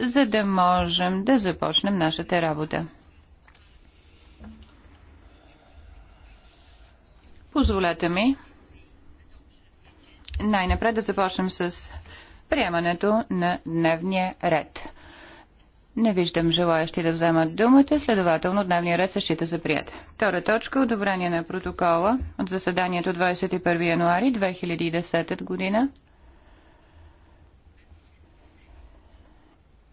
за да можем да започнем нашата работа. Позволете ми най-напред да започнем с приемането на дневния ред. Не виждам желаящи да вземат думата, следователно дневния ред се счита за прият. Втора точка – одобрение на протокола от заседанието 21 януари 2010 година.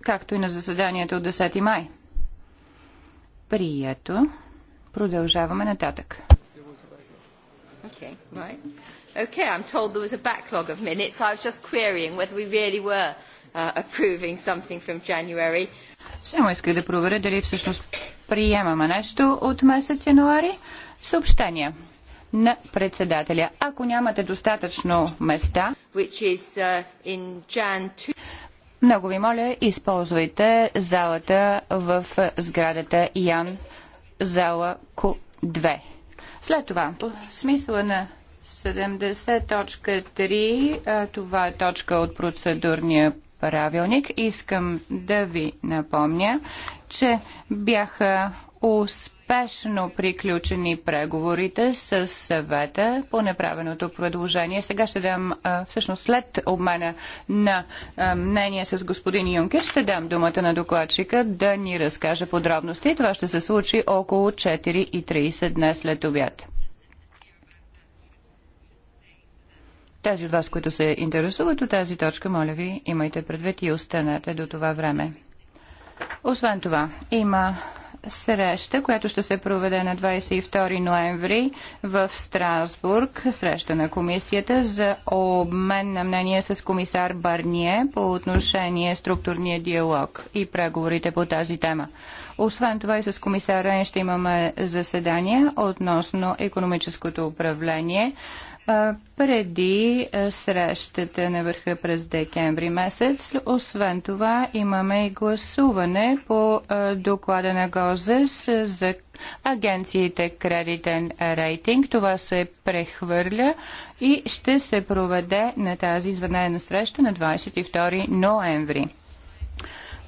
както и на заседанието от 10 май. Прието. Продължаваме нататък. Okay, right. Okay, I'm told there was a backlog of minutes. I was just querying whether we really were uh, approving something from January. Само исках да проверя дали всъщност приемаме нещо от месец януари. Съобщение на председателя. Ако нямате достатъчно места, uh, много ви моля, използвайте залата в сградата Ян, зала Q2. След това, по смисъла на 70.3, това е точка от процедурния правилник, искам да ви напомня, че бяха успешни успешно приключени преговорите с съвета по направеното предложение. Сега ще дам, всъщност след обмена на мнение с господин Юнкер, ще дам думата на докладчика да ни разкаже подробности. Това ще се случи около 4.30 днес след обяд. Тези от вас, които се интересуват от тази точка, моля ви, имайте предвид и останете до това време. Освен това, има среща, която ще се проведе на 22 ноември в Страсбург, среща на комисията за обмен на мнение с комисар Барние по отношение структурния диалог и преговорите по тази тема. Освен това и с комисар Рен ще имаме заседание относно економическото управление преди срещата на върха през декември месец. Освен това имаме и гласуване по доклада на ГОЗЕС за агенциите кредитен рейтинг. Това се прехвърля и ще се проведе на тази извънредна среща на 22 ноември.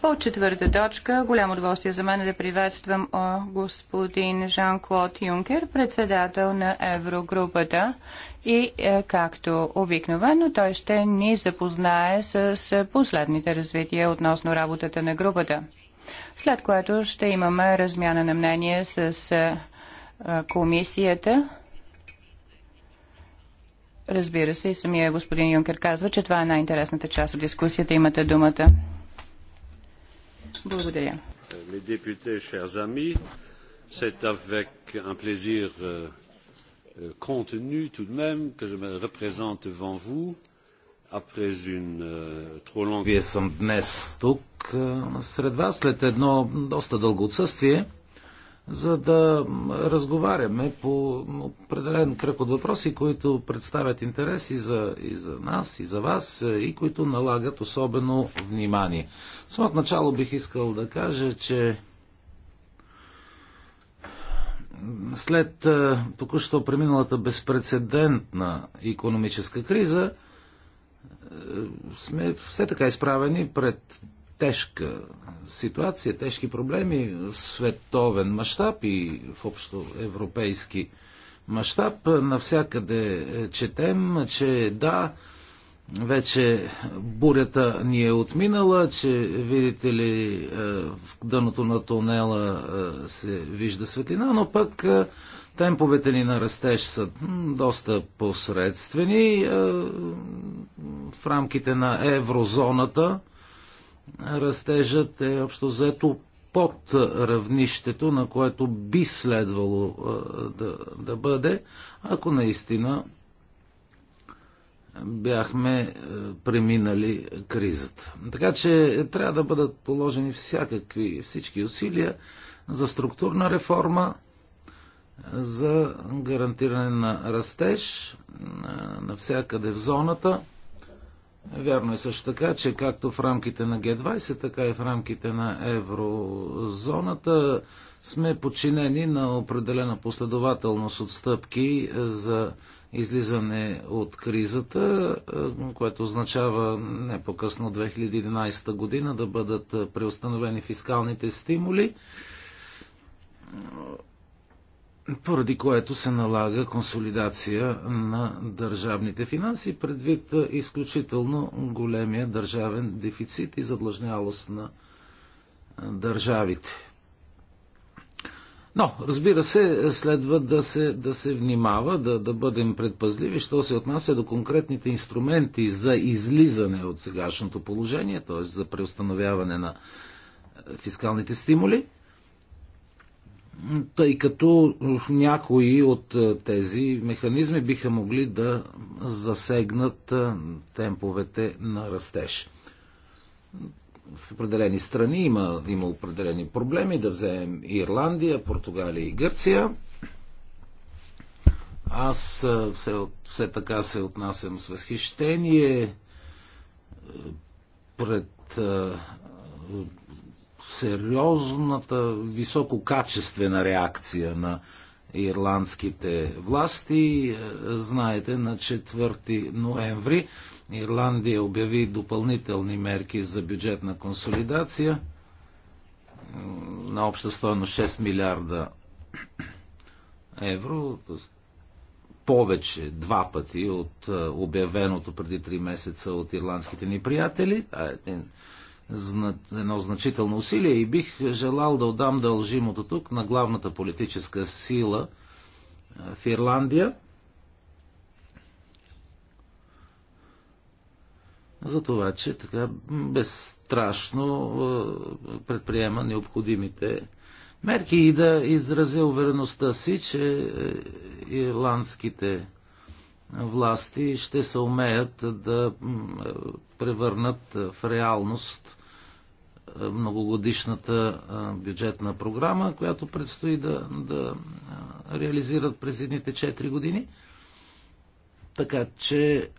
По четвърта точка, голямо удоволствие за мен е да приветствам господин Жан-Клод Юнкер, председател на Еврогрупата и е, както обикновено той ще ни запознае с последните развития относно работата на групата. След което ще имаме размяна на мнение с е, е, комисията. Разбира се, и самия господин Юнкер казва, че това е най-интересната част от дискусията. Имате думата. Благодаря. amis, avec un plaisir Euh, compte tenu tout de même que je me représente devant vous après une euh, trop longue... Вие съм днес тук сред вас след едно доста дълго отсъствие, за да разговаряме по определен кръг от въпроси, които представят интерес и за, и за нас, и за вас, и които налагат особено внимание. Само от начало бих искал да кажа, че След е, току-що преминалата безпредседентна економическа криза, е, сме все така изправени пред тежка ситуация, тежки проблеми в световен мащаб и в общо европейски мащаб. Навсякъде е, четем, че да, вече бурята ни е отминала, че видите ли е, в дъното на тунела е, се вижда светлина, но пък е, темповете ни на растеж са доста посредствени в рамките на еврозоната. Растежът е общо взето под равнището, на което би следвало да, да бъде, ако наистина бяхме е, преминали кризата. Така че трябва да бъдат положени всякакви, всички усилия за структурна реформа, за гарантиране на растеж е, навсякъде в зоната. Вярно е също така, че както в рамките на Г20, така и в рамките на еврозоната сме подчинени на определена последователност от стъпки за излизане от кризата, е, което означава не по-късно 2011 година да бъдат е, преустановени фискалните стимули, поради което се налага консолидация на държавните финанси предвид е, изключително големия държавен дефицит и задлъжнялост на държавите. Но, разбира се, следва да се, да се внимава, да, да бъдем предпазливи, що се отнася до конкретните инструменти за излизане от сегашното положение, т.е. за преустановяване на е, фискалните стимули, тъй като някои от е, тези механизми биха могли да засегнат е, темповете на растеж в определени страни има, има определени проблеми, да вземем Ирландия, Португалия и Гърция. Аз все, все така се отнасям с възхищение пред сериозната, висококачествена реакция на ирландските власти. Знаете, на 4 ноември Ирландия обяви допълнителни мерки за бюджетна консолидация на обща стоеност 6 милиарда евро, повече, два пъти от е, обявеното преди три месеца от ирландските ни приятели. Е едно значително усилие и бих желал да отдам дължимото тук на главната политическа сила е, в Ирландия, за това, че така безстрашно предприема необходимите мерки и да изразя увереността си, че е, ирландските власти ще се умеят да превърнат в реалност многогодишната бюджетна програма, която предстои да, да реализират през едните 4 години. Така че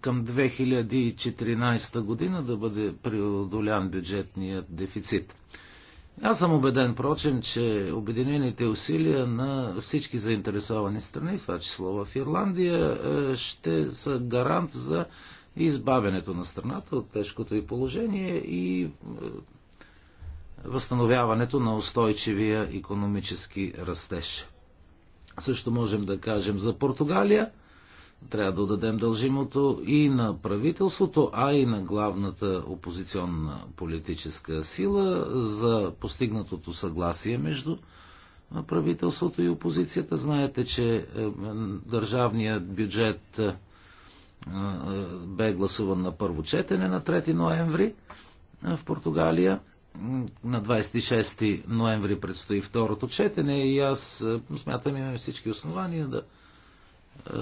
към 2014 година да бъде преодолян бюджетният дефицит. Аз съм убеден, прочим, че обединените усилия на всички заинтересовани страни, това число в Ирландия, е, ще са гарант за избавянето на страната от тежкото и положение и е, възстановяването на устойчивия економически растеж. Също можем да кажем за Португалия – трябва да дадем дължимото и на правителството, а и на главната опозиционна политическа сила за постигнатото съгласие между правителството и опозицията. Знаете, че е, държавният бюджет е, е, бе гласуван на първо четене на 3 ноември в Португалия. На 26 ноември предстои второто четене и аз смятам имаме всички основания да е,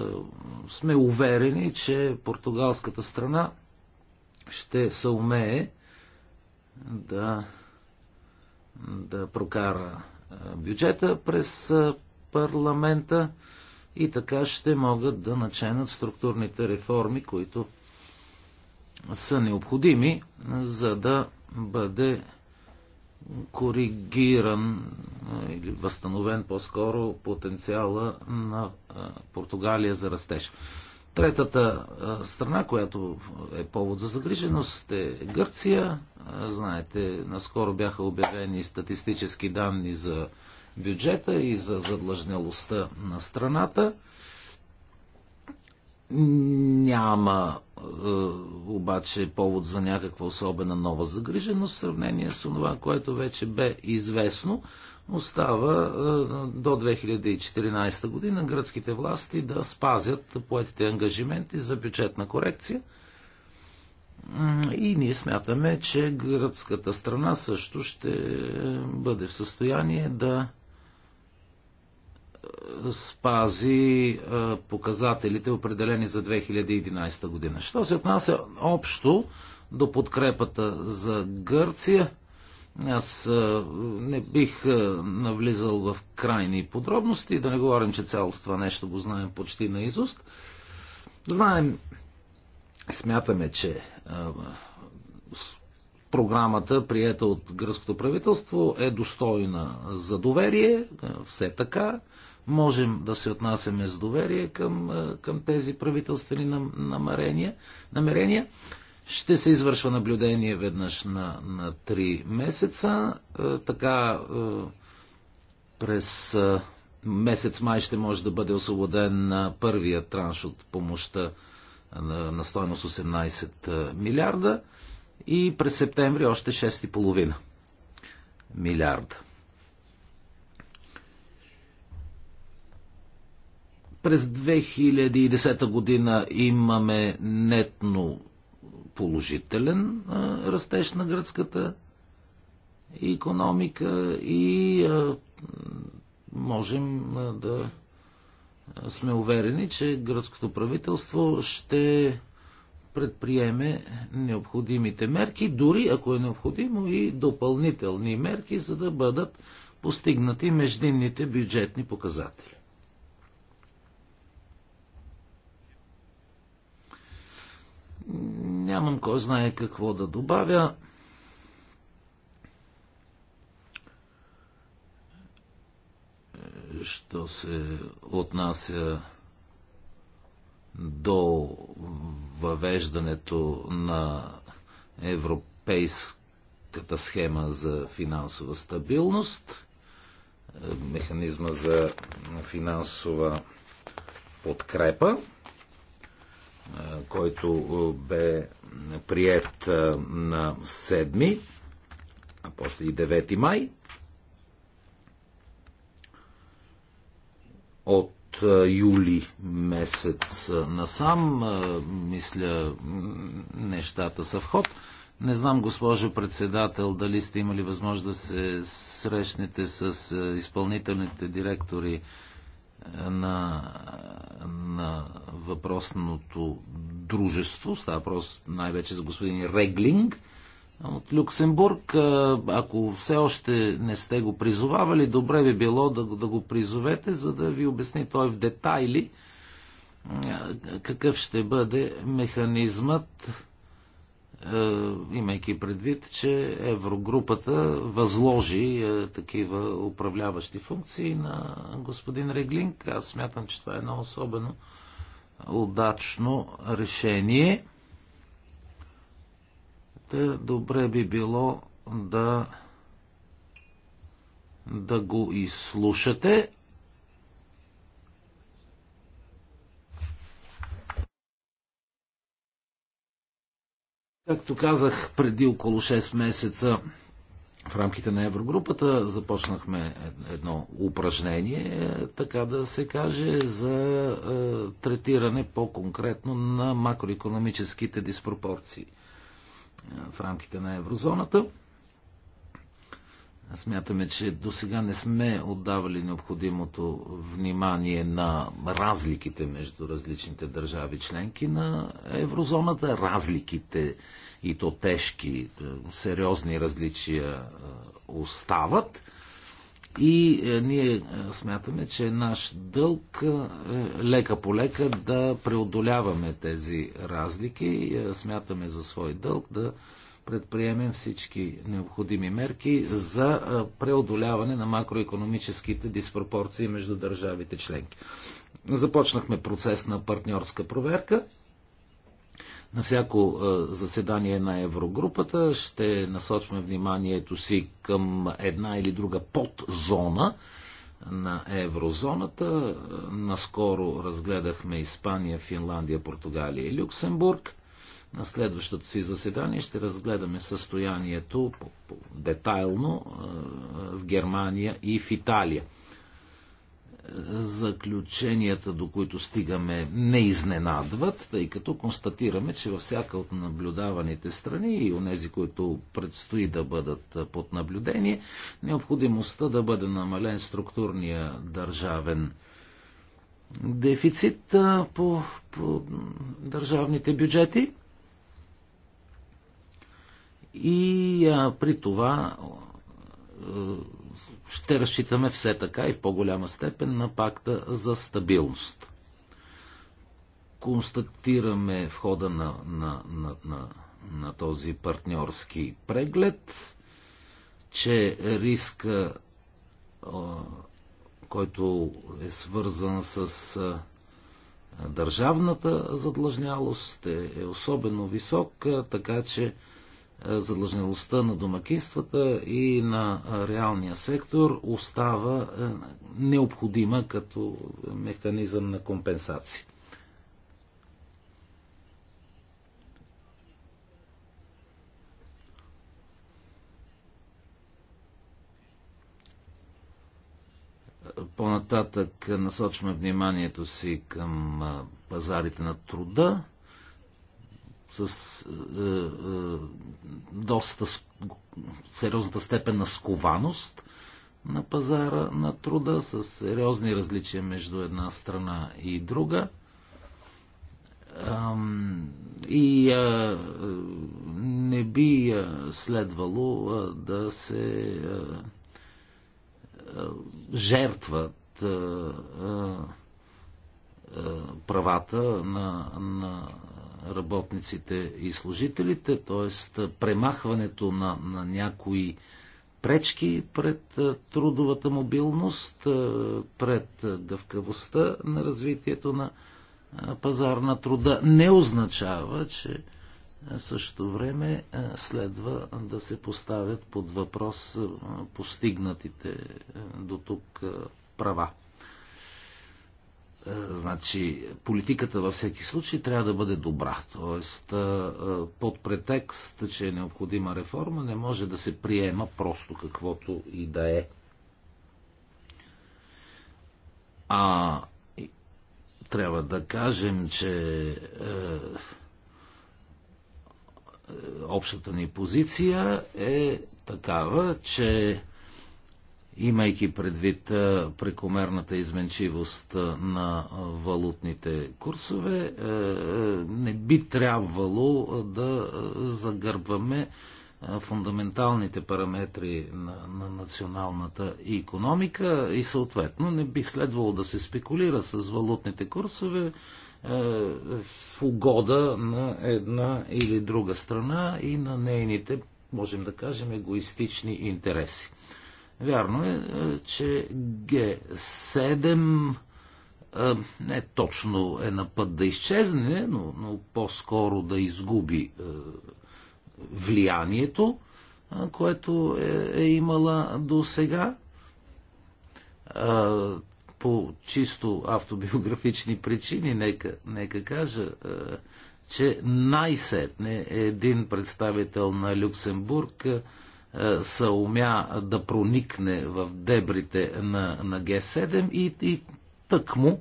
сме уверени, че португалската страна ще се умее да, да прокара е, бюджета през е, парламента и така ще могат да наченат структурните реформи, които са необходими, за да бъде коригиран или възстановен по-скоро потенциала на Португалия за растеж. Третата страна, която е повод за загриженост е Гърция. Знаете, наскоро бяха обявени статистически данни за бюджета и за задлъжнялостта на страната. Няма е, обаче повод за някаква особена нова загриженост в сравнение с това, което вече бе известно. Остава е, до 2014 година гръцките власти да спазят поетите ангажименти за бюджетна корекция. И ние смятаме, че гръцката страна също ще е, бъде в състояние да спази показателите, определени за 2011 година. Що се отнася общо до подкрепата за Гърция, аз не бих навлизал в крайни подробности, да не говорим, че цялото това нещо го знаем почти на изуст. Знаем, смятаме, че програмата, приета от гръцкото правителство, е достойна за доверие, все така можем да се отнасяме с доверие към, е, към тези правителствени намерения. намерения. Ще се извършва наблюдение веднъж на, на 3 месеца. Е, така е, през месец май ще може да бъде освободен на първия транш от помощта на стоеност 18 милиарда и през септември още 6,5 милиарда. През 2010 година имаме нетно положителен растеж на гръцката економика и можем да сме уверени, че гръцкото правителство ще предприеме необходимите мерки, дори ако е необходимо и допълнителни мерки, за да бъдат постигнати междинните бюджетни показатели. Нямам кой знае какво да добавя. Що се отнася до въвеждането на европейската схема за финансова стабилност, механизма за финансова подкрепа който бе прият на 7, а после и 9 май. От юли месец насам, мисля, нещата са в ход. Не знам, госпожо председател, дали сте имали възможност да се срещнете с изпълнителните директори на, на въпросното дружество. Става въпрос най-вече за господин Реглинг от Люксембург. Ако все още не сте го призовавали, добре би било да, да го призовете, за да ви обясни той в детайли какъв ще бъде механизмът е, имайки предвид, че Еврогрупата възложи е, такива управляващи функции на господин Реглинг. Аз смятам, че това е едно особено удачно решение. да добре би било да да го изслушате, Както казах, преди около 6 месеца в рамките на Еврогрупата започнахме едно упражнение, е, така да се каже, за е, третиране по-конкретно на макроекономическите диспропорции е, в рамките на еврозоната. Смятаме, че до сега не сме отдавали необходимото внимание на разликите между различните държави членки на еврозоната. Разликите и то тежки, е, сериозни различия е, остават. И е, ние смятаме, че е наш дълг лека по лека да преодоляваме тези разлики. Смятаме за свой дълг да предприемем всички необходими мерки за преодоляване на макроекономическите диспропорции между държавите членки. Започнахме процес на партньорска проверка. На всяко заседание на Еврогрупата ще насочваме вниманието си към една или друга подзона на еврозоната. Наскоро разгледахме Испания, Финландия, Португалия и Люксембург. На следващото си заседание ще разгледаме състоянието по, по, детайлно в Германия и в Италия. Заключенията, до които стигаме, не изненадват, тъй като констатираме, че във всяка от наблюдаваните страни и у нези, които предстои да бъдат под наблюдение, необходимостта да бъде намален структурния държавен дефицит по, по държавните бюджети и а, при това а, ще разчитаме все така и в по-голяма степен на пакта за стабилност. Констатираме в хода на, на, на, на, на този партньорски преглед, че риска, а, който е свързан с а, държавната задлъжнялост, е, е особено висок, а, така че задлъжнялостта на домакинствата и на реалния сектор остава е, необходима като механизъм на компенсация. По-нататък насочваме вниманието си към пазарите на труда – с е, е, доста сериозната степен на скованост на пазара на труда, с сериозни различия между една страна и друга. И а, е, е, не би е, следвало а, да се а, жертват правата на, на работниците и служителите, т.е. премахването на, на някои пречки пред трудовата мобилност, пред гъвкавостта на развитието на пазар на труда, не означава, че също време следва да се поставят под въпрос постигнатите до тук права. Е, значи, политиката във всеки случай трябва да бъде добра. Тоест, е, е, под претекст, че е необходима реформа, не може да се приема просто каквото и да е. А трябва да кажем, че е, общата ни позиция е такава, че имайки предвид прекомерната изменчивост на валутните курсове, е, е, не би трябвало да загърбваме фундаменталните параметри на, на националната економика и съответно не би следвало да се спекулира с валутните курсове е, в угода на една или друга страна и на нейните, можем да кажем, егоистични интереси. Вярно е, е че Г7 е, не точно е на път да изчезне, но, но по-скоро да изгуби е, влиянието, което е, е имала до сега. По чисто автобиографични причини, нека, нека кажа, че най-сетне един представител на Люксембург е, са умя да проникне в дебрите на, на Г7 и, и тъкмо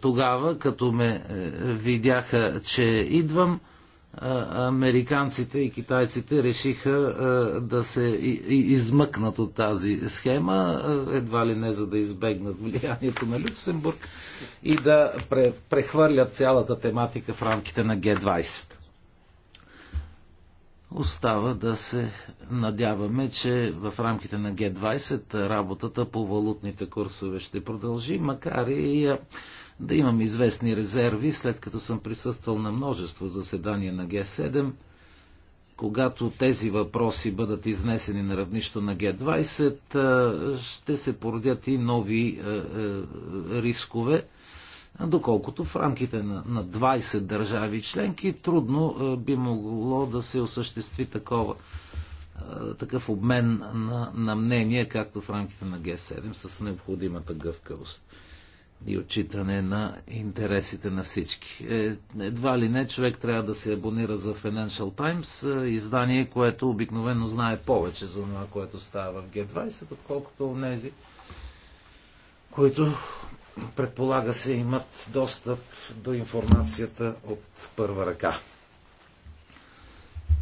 тогава, като ме е, видяха, че идвам, е, американците и китайците решиха да се измъкнат от тази схема, едва ли не за да избегнат влиянието на Люксембург и да прехвърлят цялата тематика в рамките на Г20. Остава да се надяваме, че в рамките на Г20 работата по валутните курсове ще продължи, макар и да имам известни резерви, след като съм присъствал на множество заседания на Г7, когато тези въпроси бъдат изнесени на равнището на Г20, ще се породят и нови рискове доколкото в рамките на, 20 държави членки трудно е, би могло да се осъществи такова, е, такъв обмен на, на мнение, както в рамките на Г7, с необходимата гъвкавост и отчитане на интересите на всички. Е, едва ли не човек трябва да се абонира за Financial Times, издание, което обикновено знае повече за това, което става в Г20, отколкото тези, които предполага се, имат достъп до информацията от първа ръка.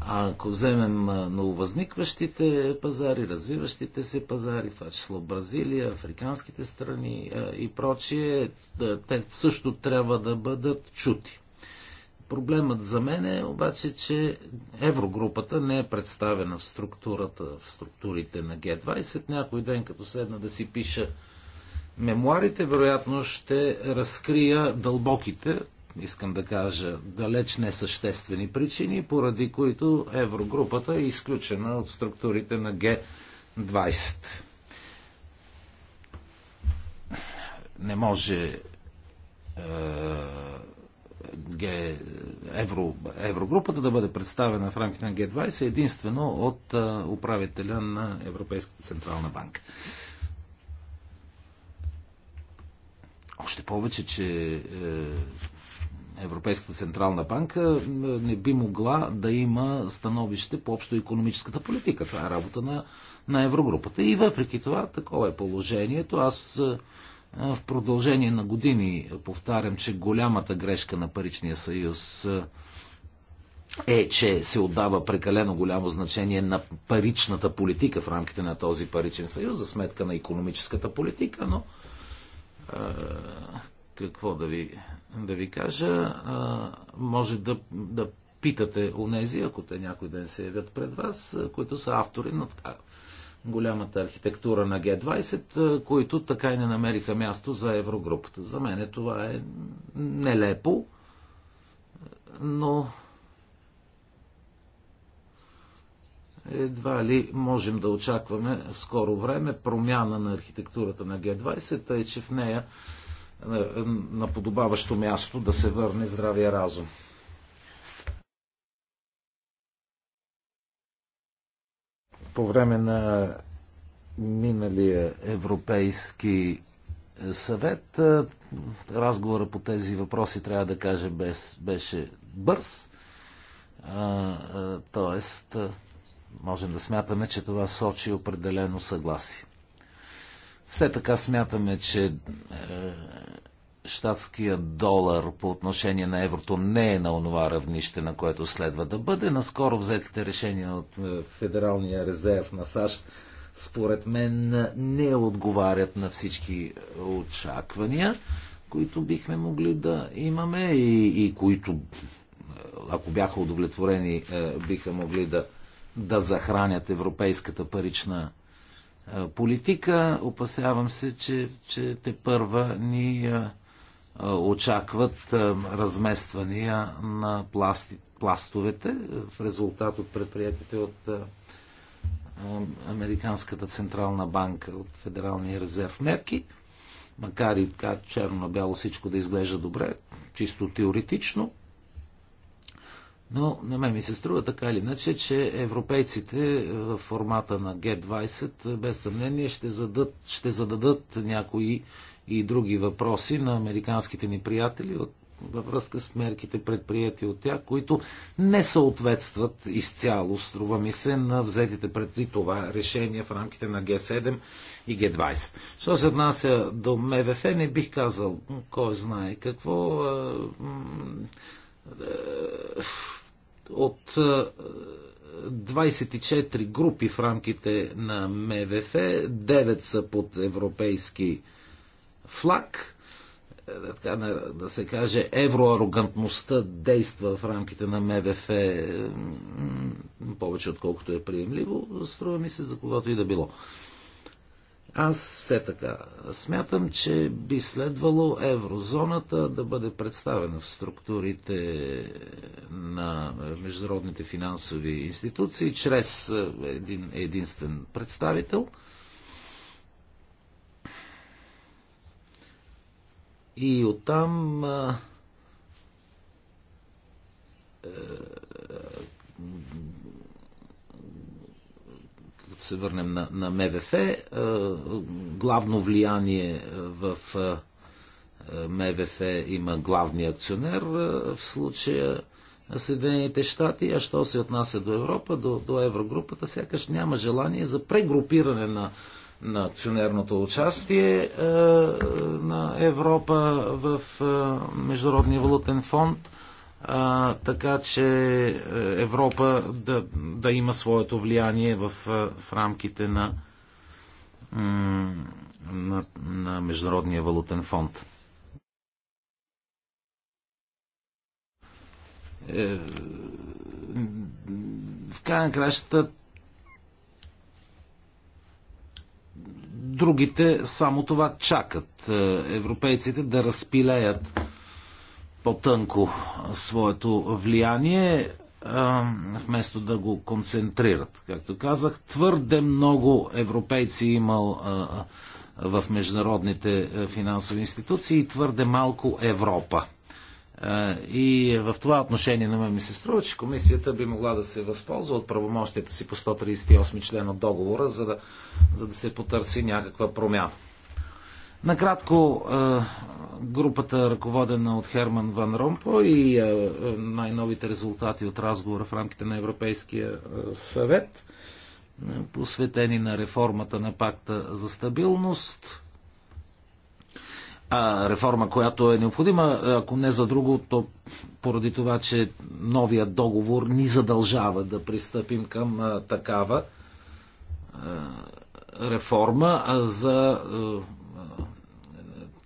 А ако вземем нововъзникващите пазари, развиващите се пазари, това число Бразилия, африканските страни и прочие, те също трябва да бъдат чути. Проблемът за мен е обаче, че еврогрупата не е представена в структурата, в структурите на Г20. Някой ден, като седна да си пиша мемуарите вероятно ще разкрия дълбоките, искам да кажа, далеч несъществени причини, поради които еврогрупата е изключена от структурите на Г20. Не може е, Ге, евро, еврогрупата да бъде представена в рамките на Г20 единствено от е, управителя на Европейската централна банка. Още повече, че е, Европейската централна банка не би могла да има становище по общо економическата политика. Това е работа на, на Еврогрупата. И въпреки това, такова е положението. Аз е, в продължение на години повтарям, че голямата грешка на Паричния съюз е, е, че се отдава прекалено голямо значение на паричната политика в рамките на този паричен съюз за сметка на економическата политика, но какво да ви, да ви кажа, може да, да питате онези, ако те някой ден се явят пред вас, които са автори на така голямата архитектура на Г-20, които така и не намериха място за Еврогрупата. За мен това е нелепо, но едва ли можем да очакваме в скоро време промяна на архитектурата на Г-20, тъй че в нея на подобаващо място да се върне здравия разум. По време на миналия Европейски съвет разговора по тези въпроси, трябва да кажа, беше бърз. Тоест, можем да смятаме, че това сочи определено съгласие. Все така смятаме, че е, щатския долар по отношение на еврото не е на онова равнище, на което следва да бъде. Наскоро взетите решения от е, Федералния резерв на САЩ според мен не отговарят на всички очаквания, които бихме могли да имаме и, и които, е, ако бяха удовлетворени, е, биха могли да да захранят европейската парична политика. Опасявам се, че, че те първа ни очакват размествания на пласти, пластовете в резултат от предприятите от Американската централна банка, от Федералния резерв мерки. Макар и така черно бяло всичко да изглежда добре, чисто теоретично, но на мен ми се струва така или иначе, че европейците е, в формата на G20 е, без съмнение ще зададат, ще зададат някои и други въпроси на американските ни приятели във връзка с мерките предприяти от тях, които не съответстват изцяло, струва ми се, на взетите предпри това решение в рамките на Г7 и Г20. Що се отнася до МВФ, не бих казал кой знае какво. Е, от 24 е, групи в рамките на МВФ, 9 са под европейски флаг. Е, така, да се каже, евроарогантността действа в рамките на МВФ повече отколкото е приемливо, струва ми се за когато и да било. Аз все така смятам, че би следвало еврозоната да бъде представена в структурите на международните финансови институции чрез е, един единствен представител. И оттам е, е, се върнем на, на МВФ, е, главно влияние в е, МВФ има главния акционер е, в случая на Съединените щати, а що се отнася до Европа, до, до Еврогрупата, сякаш няма желание за прегрупиране на, на акционерното участие е, на Европа в е, Международния валутен фонд а, така че е, Европа да, да има своето влияние в, е, в рамките на, на, на Международния валутен фонд. Е, в крайна краща кращата другите само това чакат. Европейците да разпилеят по-тънко своето влияние, вместо да го концентрират. Както казах, твърде много европейци имал в международните финансови институции и твърде малко Европа. И в това отношение на мен ми се струва, че комисията би могла да се възползва от правомощията си по 138 член от договора, за да, за да се потърси някаква промяна. Накратко, е, групата ръководена от Херман Ван Ромпо и е, е, най-новите резултати от разговора в рамките на Европейския съвет, посветени на реформата на пакта за стабилност. А, реформа, която е необходима, ако не за друго, то поради това, че новия договор ни задължава да пристъпим към такава реформа а за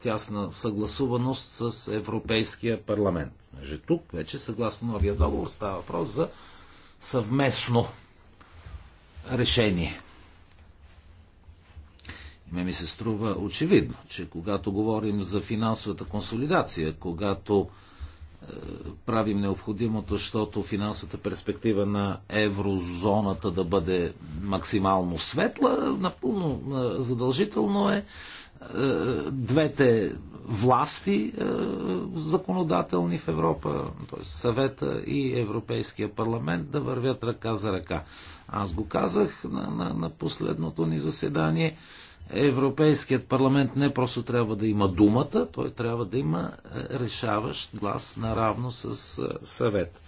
тясна съгласуваност с Европейския парламент. Между тук вече, съгласно новия договор, става въпрос за съвместно решение. Ме ми се струва очевидно, че когато говорим за финансовата консолидация, когато е, правим необходимото, защото финансовата перспектива на еврозоната да бъде максимално светла, напълно е, задължително е е, двете власти е, законодателни в Европа, т.е. съвета и Европейския парламент да вървят ръка за ръка. Аз го казах на, на, на последното ни заседание. Европейският парламент не просто трябва да има думата, той трябва да има е, решаващ глас наравно с съвет.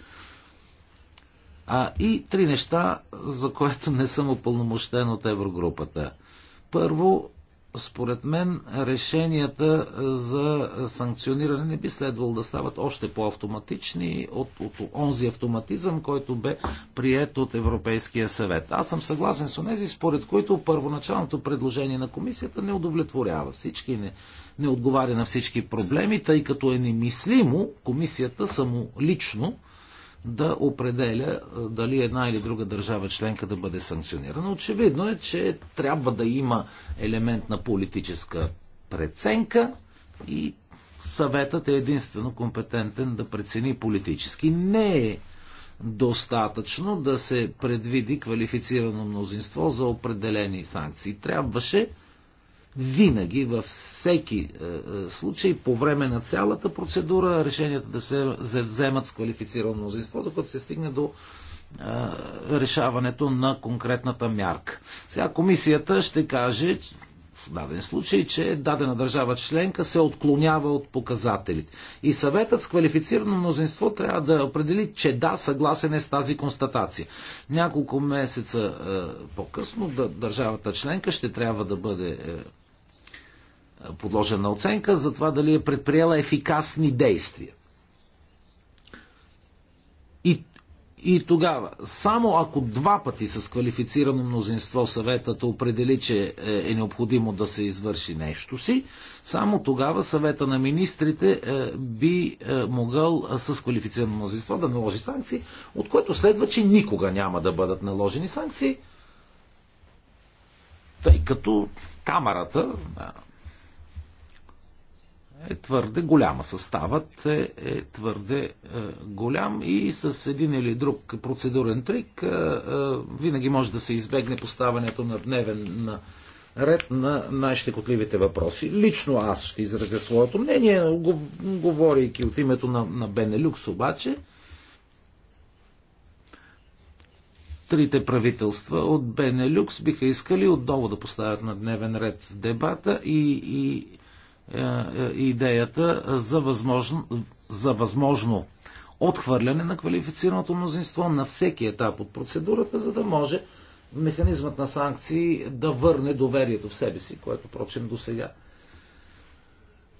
А и три неща, за което не съм опълномощен от Еврогрупата. Първо, според мен решенията за санкциониране не би следвало да стават още по-автоматични от, от онзи автоматизъм, който бе прият от Европейския съвет. Аз съм съгласен с онези, според които първоначалното предложение на комисията не удовлетворява всички, не, не отговаря на всички проблеми, тъй като е немислимо комисията само лично да определя е, дали една или друга държава членка да бъде санкционирана. Очевидно е, че трябва да има елемент на политическа преценка и съветът е единствено компетентен да прецени политически. Не е достатъчно да се предвиди квалифицирано мнозинство за определени санкции. Трябваше винаги, във всеки е, е, случай, по време на цялата процедура, решенията да се вземат с квалифицирано мнозинство, докато се стигне до е, решаването на конкретната мярка. Сега комисията ще каже, в даден случай, че дадена държава членка се отклонява от показателите. И съветът с квалифицирано мнозинство трябва да определи, че да, съгласен е с тази констатация. Няколко месеца е, по-късно да, държавата членка ще трябва да бъде е, подложен на оценка за това дали е предприела ефикасни действия. И, и тогава, само ако два пъти с квалифицирано мнозинство съветът определи, че е, е необходимо да се извърши нещо си, само тогава съвета на министрите е, би е, могъл с квалифицирано мнозинство да наложи санкции, от което следва, че никога няма да бъдат наложени санкции, тъй като камерата, е твърде голяма. Съставът е, е твърде е, голям и с един или друг процедурен трик е, е, винаги може да се избегне поставането на дневен на ред на най-щекотливите въпроси. Лично аз ще изразя своето мнение, говорейки от името на, на Бенелюкс обаче. трите правителства от Бенелюкс биха искали отново да поставят на дневен ред дебата и, и е, е, идеята за възможно, за възможно отхвърляне на квалифицираното мнозинство на всеки етап от процедурата, за да може механизмът на санкции да върне доверието в себе си, което, впрочем, до сега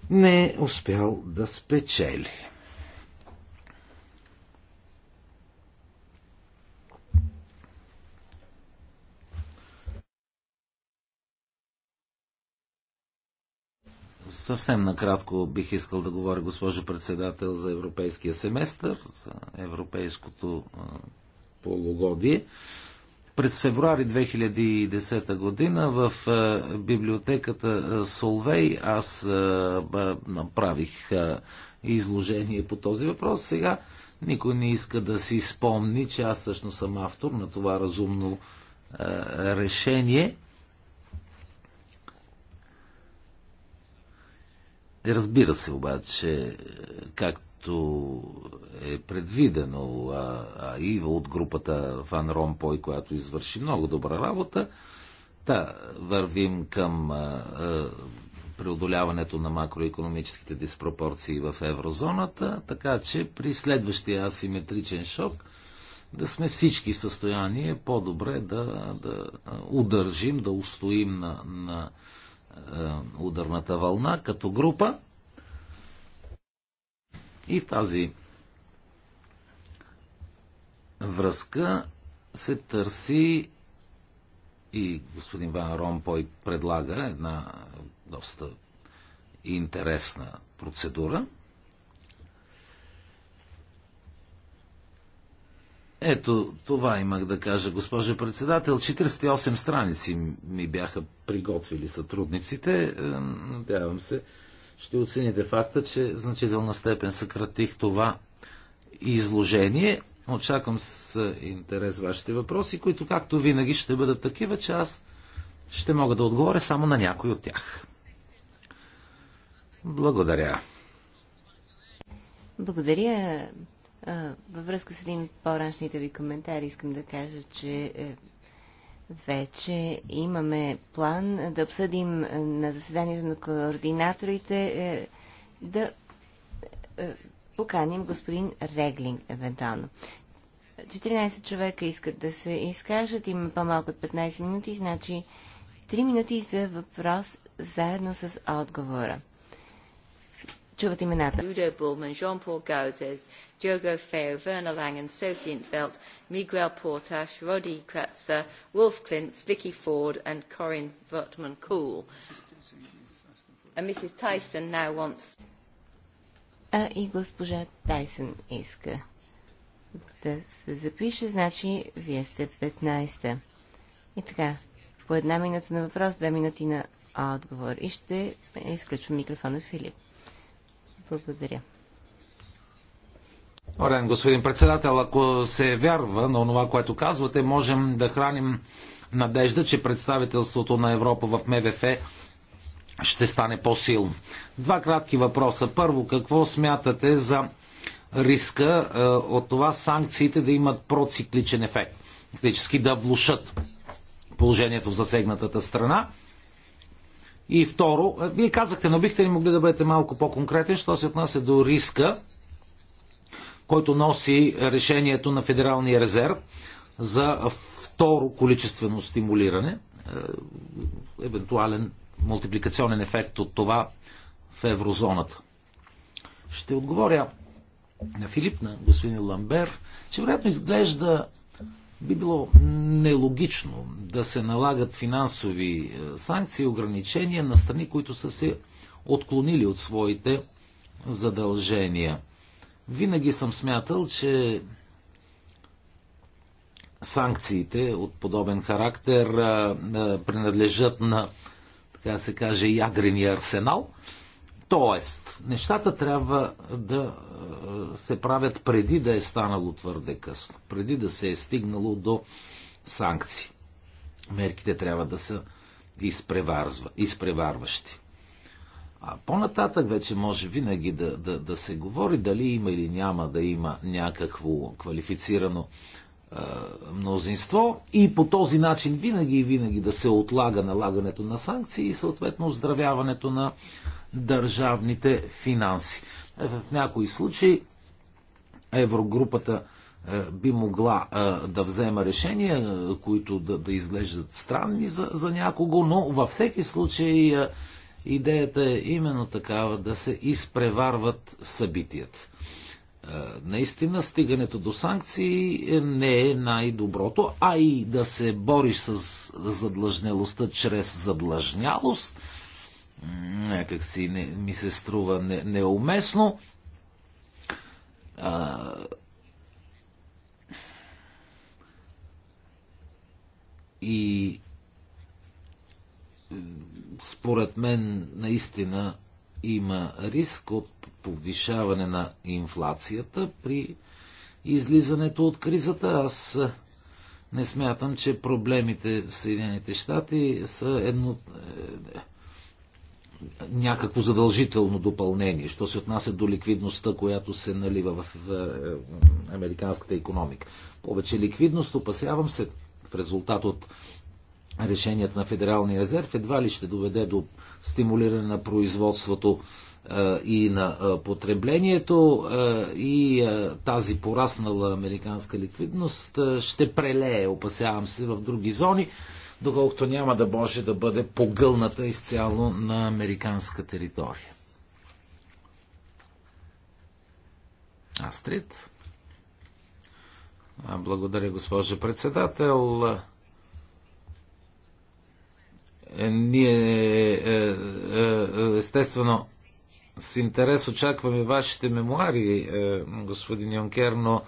не е успял да спечели. Съвсем накратко бих искал да говоря, госпожо председател, за европейския семестър, за европейското полугодие. През февруари 2010 година в библиотеката Солвей аз направих изложение по този въпрос. Сега никой не иска да си спомни, че аз всъщност съм автор на това разумно решение. Разбира се обаче, както е предвидено, а, а и от групата Ван Ромпой, която извърши много добра работа, да, вървим към а, а, преодоляването на макроекономическите диспропорции в еврозоната, така че при следващия асиметричен шок да сме всички в състояние по-добре да, да удържим, да устоим на, на е, ударната вълна като група. И в тази връзка се търси и господин Ван Ромпой предлага една доста интересна процедура – Ето, това имах да кажа, госпожа председател. 48 страници ми бяха приготвили сътрудниците. Е, надявам се, ще оцените факта, че в значителна степен съкратих това изложение. Очаквам с интерес вашите въпроси, които както винаги ще бъдат такива, че аз ще мога да отговоря само на някой от тях. Благодаря. Благодаря, във връзка с един от по-раншните ви коментари искам да кажа, че е, вече имаме план да обсъдим е, на заседанието на координаторите е, да поканим господин Реглинг евентуално. 14 човека искат да се изкажат, има по-малко от 15 минути, значи 3 минути за въпрос заедно с отговора. Чуват имената. Diogo Feo, Werner Langen, Sophie Intveld, Miguel Portas, Roddy Kratzer, Wolf Klintz, Vicky Ford and Corinne Votman Cool. And Mrs Tyson now wants... А и госпожа Тайсън иска да се запише, значи вие сте 15-та. И така, по една минута на въпрос, две минути на отговор. И ще изключвам микрофона Филип. Благодаря. Орен, господин председател, ако се вярва на това, което казвате, можем да храним надежда, че представителството на Европа в МВФ ще стане по-силно. Два кратки въпроса. Първо, какво смятате за риска е, от това санкциите да имат процикличен ефект? Фактически да влушат положението в засегнатата страна. И второ, е, вие казахте, но бихте ли могли да бъдете малко по-конкретен, що се отнася до риска който носи решението на Федералния резерв за второ количествено стимулиране, е, евентуален мултипликационен ефект от това в еврозоната. Ще отговоря на Филип, на господин Ламбер, че вероятно изглежда би било нелогично да се налагат финансови е, санкции и ограничения на страни, които са се отклонили от своите задължения. Винаги съм смятал, че санкциите от подобен характер принадлежат на, така се каже, ядрения арсенал. Тоест, нещата трябва да се правят преди да е станало твърде късно, преди да се е стигнало до санкции. Мерките трябва да са изпреварващи. А по-нататък вече може винаги да, да, да се говори дали има или няма да има някакво квалифицирано е, мнозинство и по този начин винаги и винаги да се отлага налагането на санкции и съответно оздравяването на държавните финанси. Е, в някои случаи еврогрупата е, би могла е, да взема решения, които да, да изглеждат странни за, за някого, но във всеки случай Идеята е именно такава да се изпреварват събитията. Е, наистина стигането до санкции е, не е най-доброто, а и да се бориш с задлъжнялостта чрез задлъжнялост, някак си не, ми се струва не, неуместно. А, е, и според мен наистина има риск от повишаване на инфлацията при излизането от кризата. Аз не смятам, че проблемите в Съединените щати са едно е, някакво задължително допълнение, що се отнася до ликвидността, която се налива в е, американската економика. Повече ликвидност, опасявам се, в резултат от решението на Федералния резерв едва ли ще доведе до стимулиране на производството и на потреблението и тази пораснала американска ликвидност ще прелее, опасявам се, в други зони, доколкото няма да може да бъде погълната изцяло на американска територия. Астрид. Благодаря, госпожо председател. Е, ние е, е, естествено с интерес очакваме вашите мемуари, господин Йонкер, но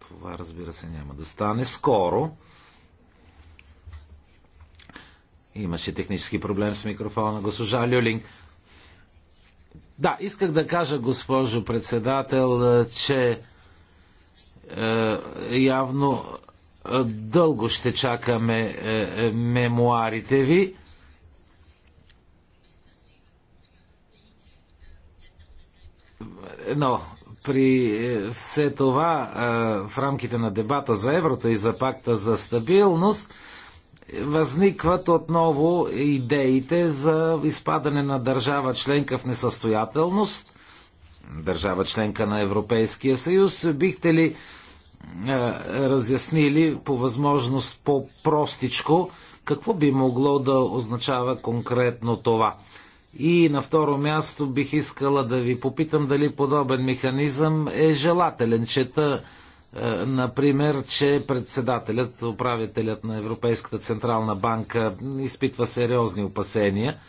това разбира се няма да стане скоро. Имаше технически проблем с микрофона на госпожа Люлинг. Да, исках да кажа, госпожо председател, че е, явно Дълго ще чакаме е, е, мемуарите ви. Но при е, все това, в рамките на дебата за еврото и за пакта за стабилност, възникват отново идеите за изпадане на държава членка в несъстоятелност, държава членка на Европейския съюз. Бихте ли е, разяснили по възможност по-простичко какво би могло да означава конкретно това. И на второ място бих искала да ви попитам дали подобен механизъм е желателен. Чета, е, например, че председателят, управителят на Европейската централна банка изпитва сериозни опасения –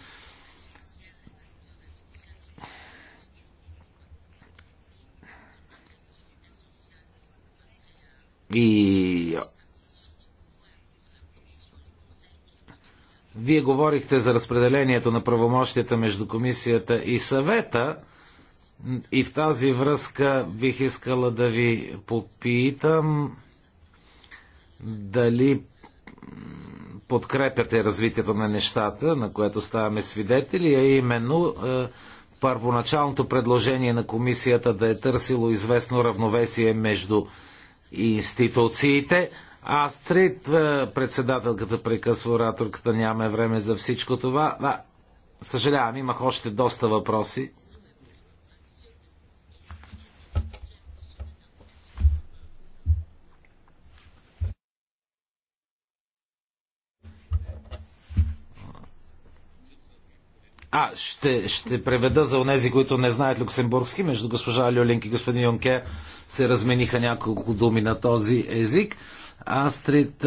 И вие говорихте за разпределението на правомощията между комисията и съвета. И в тази връзка бих искала да ви попитам дали подкрепяте развитието на нещата, на което ставаме свидетели, а именно е, първоначалното предложение на комисията да е търсило известно равновесие между институциите. Астрид, е, председателката прекъсва ораторката, нямаме време за всичко това. Да, съжалявам, имах още доста въпроси. А, ще, ще преведа за онези, които не знаят люксембургски. Между госпожа Люлинг и господин Юнкер се размениха няколко думи на този език. Астрид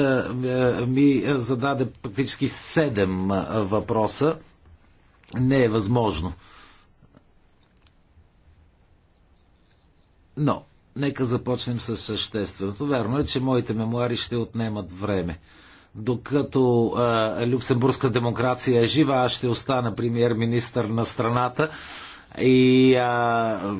ми зададе практически седем въпроса. Не е възможно. Но, нека започнем с същественото. Верно е, че моите мемуари ще отнемат време докато а, люксембургска демокрация е жива, аз ще остана премьер-министър на страната. И а,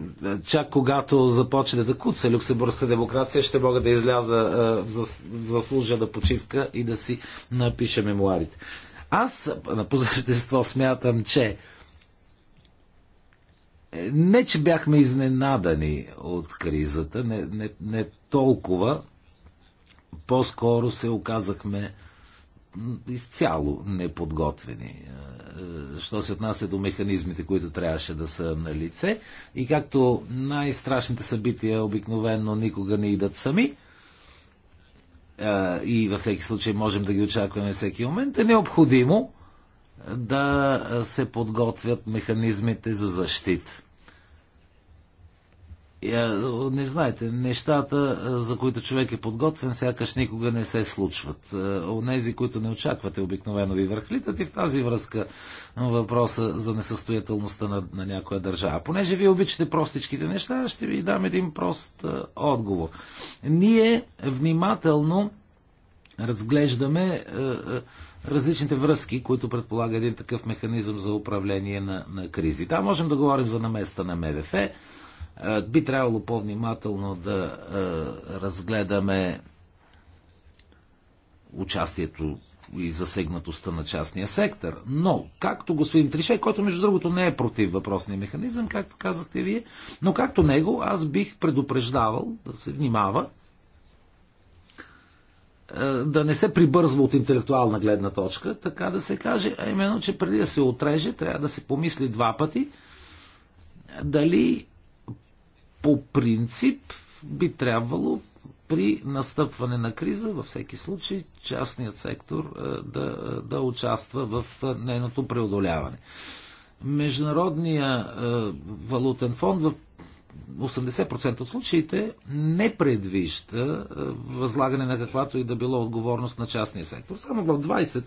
чак когато започне да куца люксембургска демокрация, ще мога да изляза а, за заслужена почивка и да си напиша мемуарите. Аз на позащество смятам, че не, че бяхме изненадани от кризата, не, не, не толкова, по-скоро се оказахме изцяло неподготвени. Е, е, що се отнася до механизмите, които трябваше да са на лице. И както най-страшните събития обикновенно никога не идат сами, е, и във всеки случай можем да ги очакваме всеки момент, е необходимо да се подготвят механизмите за защита. Е, не знаете, нещата, е, за които човек е подготвен, сякаш никога не се случват. Е, онези, които не очаквате, обикновено ви върхлитат и в тази връзка въпроса за несъстоятелността на, на някоя държава. Понеже вие обичате простичките неща, ще ви дам един прост отговор. Ние внимателно разглеждаме различните връзки, които предполага един такъв механизъм за управление на, на кризи. Да, можем да говорим за наместа на МВФ, е, би трябвало по-внимателно да е, разгледаме участието и засегнатостта на частния сектор. Но, както господин Тришей, който между другото не е против въпросния механизъм, както казахте вие, но както него, аз бих предупреждавал да се внимава, е, да не се прибързва от интелектуална гледна точка, така да се каже, а именно, че преди да се отреже, трябва да се помисли два пъти дали по принцип би трябвало при настъпване на криза, във всеки случай, частният сектор е, да, да участва в е, нейното преодоляване. Международния е, валутен фонд в 80% от случаите не предвижда възлагане на каквато и да било отговорност на частния сектор. Само в 20%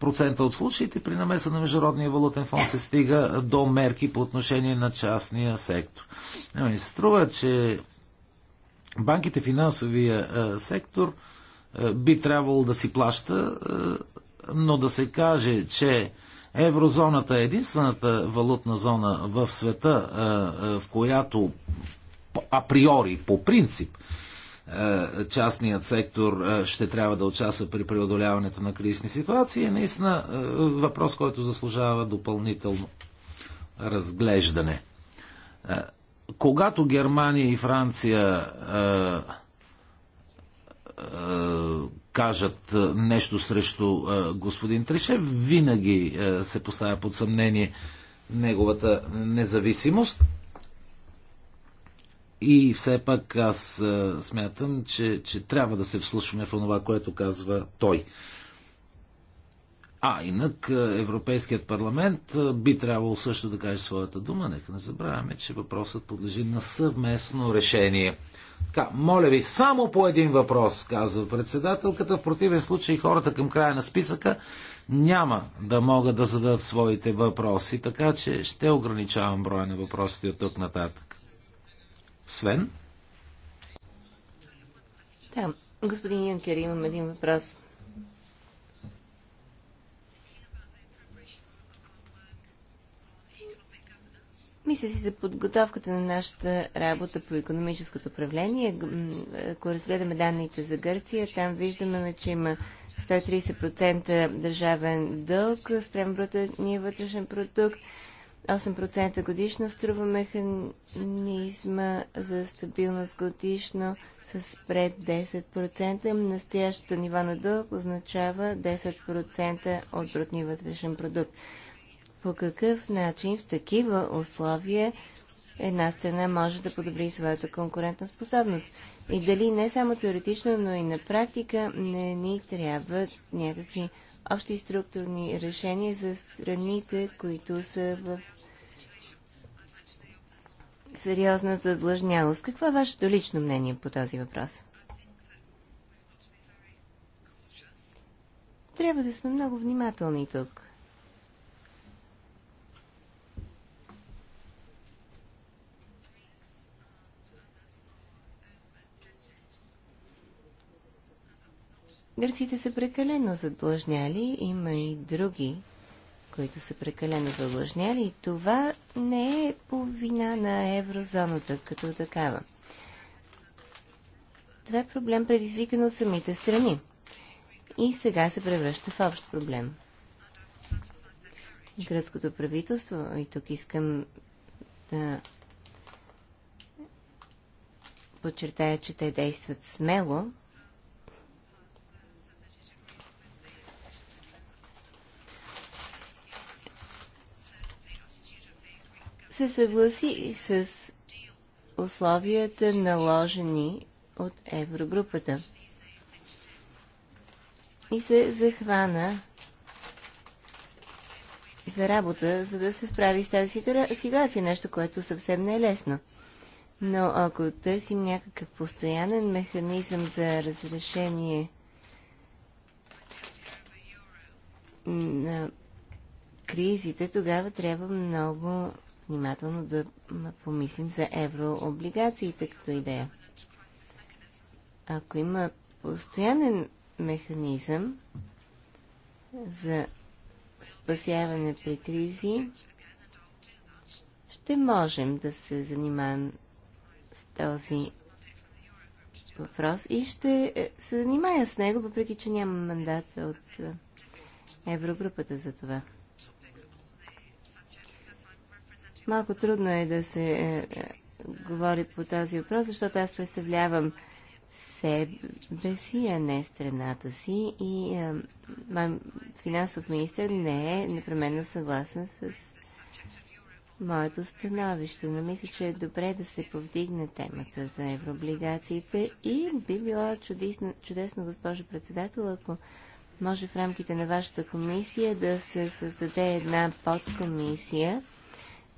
процента от случаите при намеса на Международния валутен фонд се стига до мерки по отношение на частния сектор. Ми се струва, че банките финансовия е, сектор е, би трябвало да си плаща, е, но да се каже, че еврозоната е единствената валутна зона в света, в която априори, по принцип, е, частният сектор е, ще трябва да участва при преодоляването на кризисни ситуации, е наистина е, въпрос, който заслужава допълнително разглеждане. Когато Германия и Франция кажат нещо срещу господин Тришев, винаги се поставя под съмнение неговата независимост. И все пак аз смятам, че, че трябва да се вслушваме в това, което казва той. А, инак Европейският парламент би трябвало също да каже своята дума. Нека не забравяме, че въпросът подлежи на съвместно решение. Така, моля ви, само по един въпрос, казва председателката. В противен случай хората към края на списъка няма да могат да зададат своите въпроси, така че ще ограничавам броя на въпросите от тук нататък. Свен? Да, господин Юнкер, имам един въпрос. Мисля си за подготовката на нашата работа по економическото управление. Ако разгледаме данните за Гърция, там виждаме, че има 130% държавен дълг спрямо брутния вътрешен продукт. 8% годишно струва механизма за стабилност годишно с пред 10%. Настоящото ниво на дълг означава 10% от брутния вътрешен продукт по какъв начин в такива условия една страна може да подобри своята конкурентна способност. И дали не само теоретично, но и на практика не ни трябват някакви общи структурни решения за страните, които са в сериозна задлъжнялост. Какво е вашето лично мнение по този въпрос? Трябва да сме много внимателни тук. Гърците са прекалено задлъжняли, има и други, които са прекалено задлъжняли и това не е по вина на еврозоната като такава. Това е проблем предизвикан от самите страни. И сега се превръща в общ проблем. Гръцкото правителство, и тук искам да подчертая, че те действат смело, се съгласи с условията наложени от Еврогрупата и се захвана за работа, за да се справи с тази ситуация, нещо, което съвсем не е лесно. Но ако търсим някакъв постоянен механизъм за разрешение на кризите, тогава трябва много внимателно да помислим за еврооблигациите като идея. Ако има постоянен механизъм за спасяване при кризи, ще можем да се занимаем с този въпрос и ще е, се занимая с него, въпреки че няма мандат от е, Еврогрупата за това. Малко трудно е да се е, говори по този въпрос, защото аз представлявам себе си, а не страната си и е, финансов министр не е непременно съгласен с моето становище, но мисля, че е добре да се повдигне темата за еврооблигациите и би било чудесно, чудесно госпожо председател, ако може в рамките на вашата комисия да се създаде една подкомисия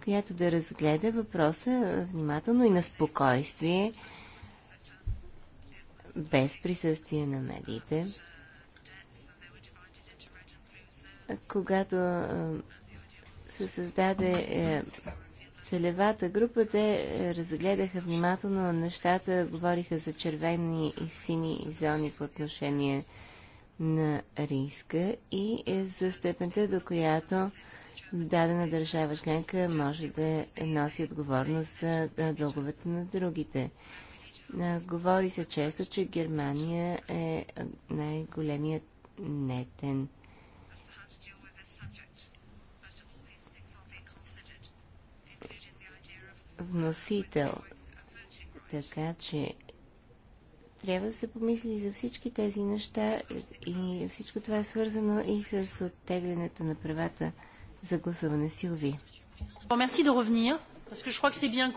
която да разгледа въпроса внимателно и на спокойствие, без присъствие на медиите. Когато се създаде е, целевата група, те е, разгледаха внимателно нещата, говориха за червени и сини зони по отношение на риска и е, за степента, до която дадена държава членка може да носи отговорност за дълговете на другите. Говори се често, че Германия е най-големият нетен вносител. Така че трябва да се помисли за всички тези неща и всичко това е свързано и с оттеглянето на правата за гласуване. Силви.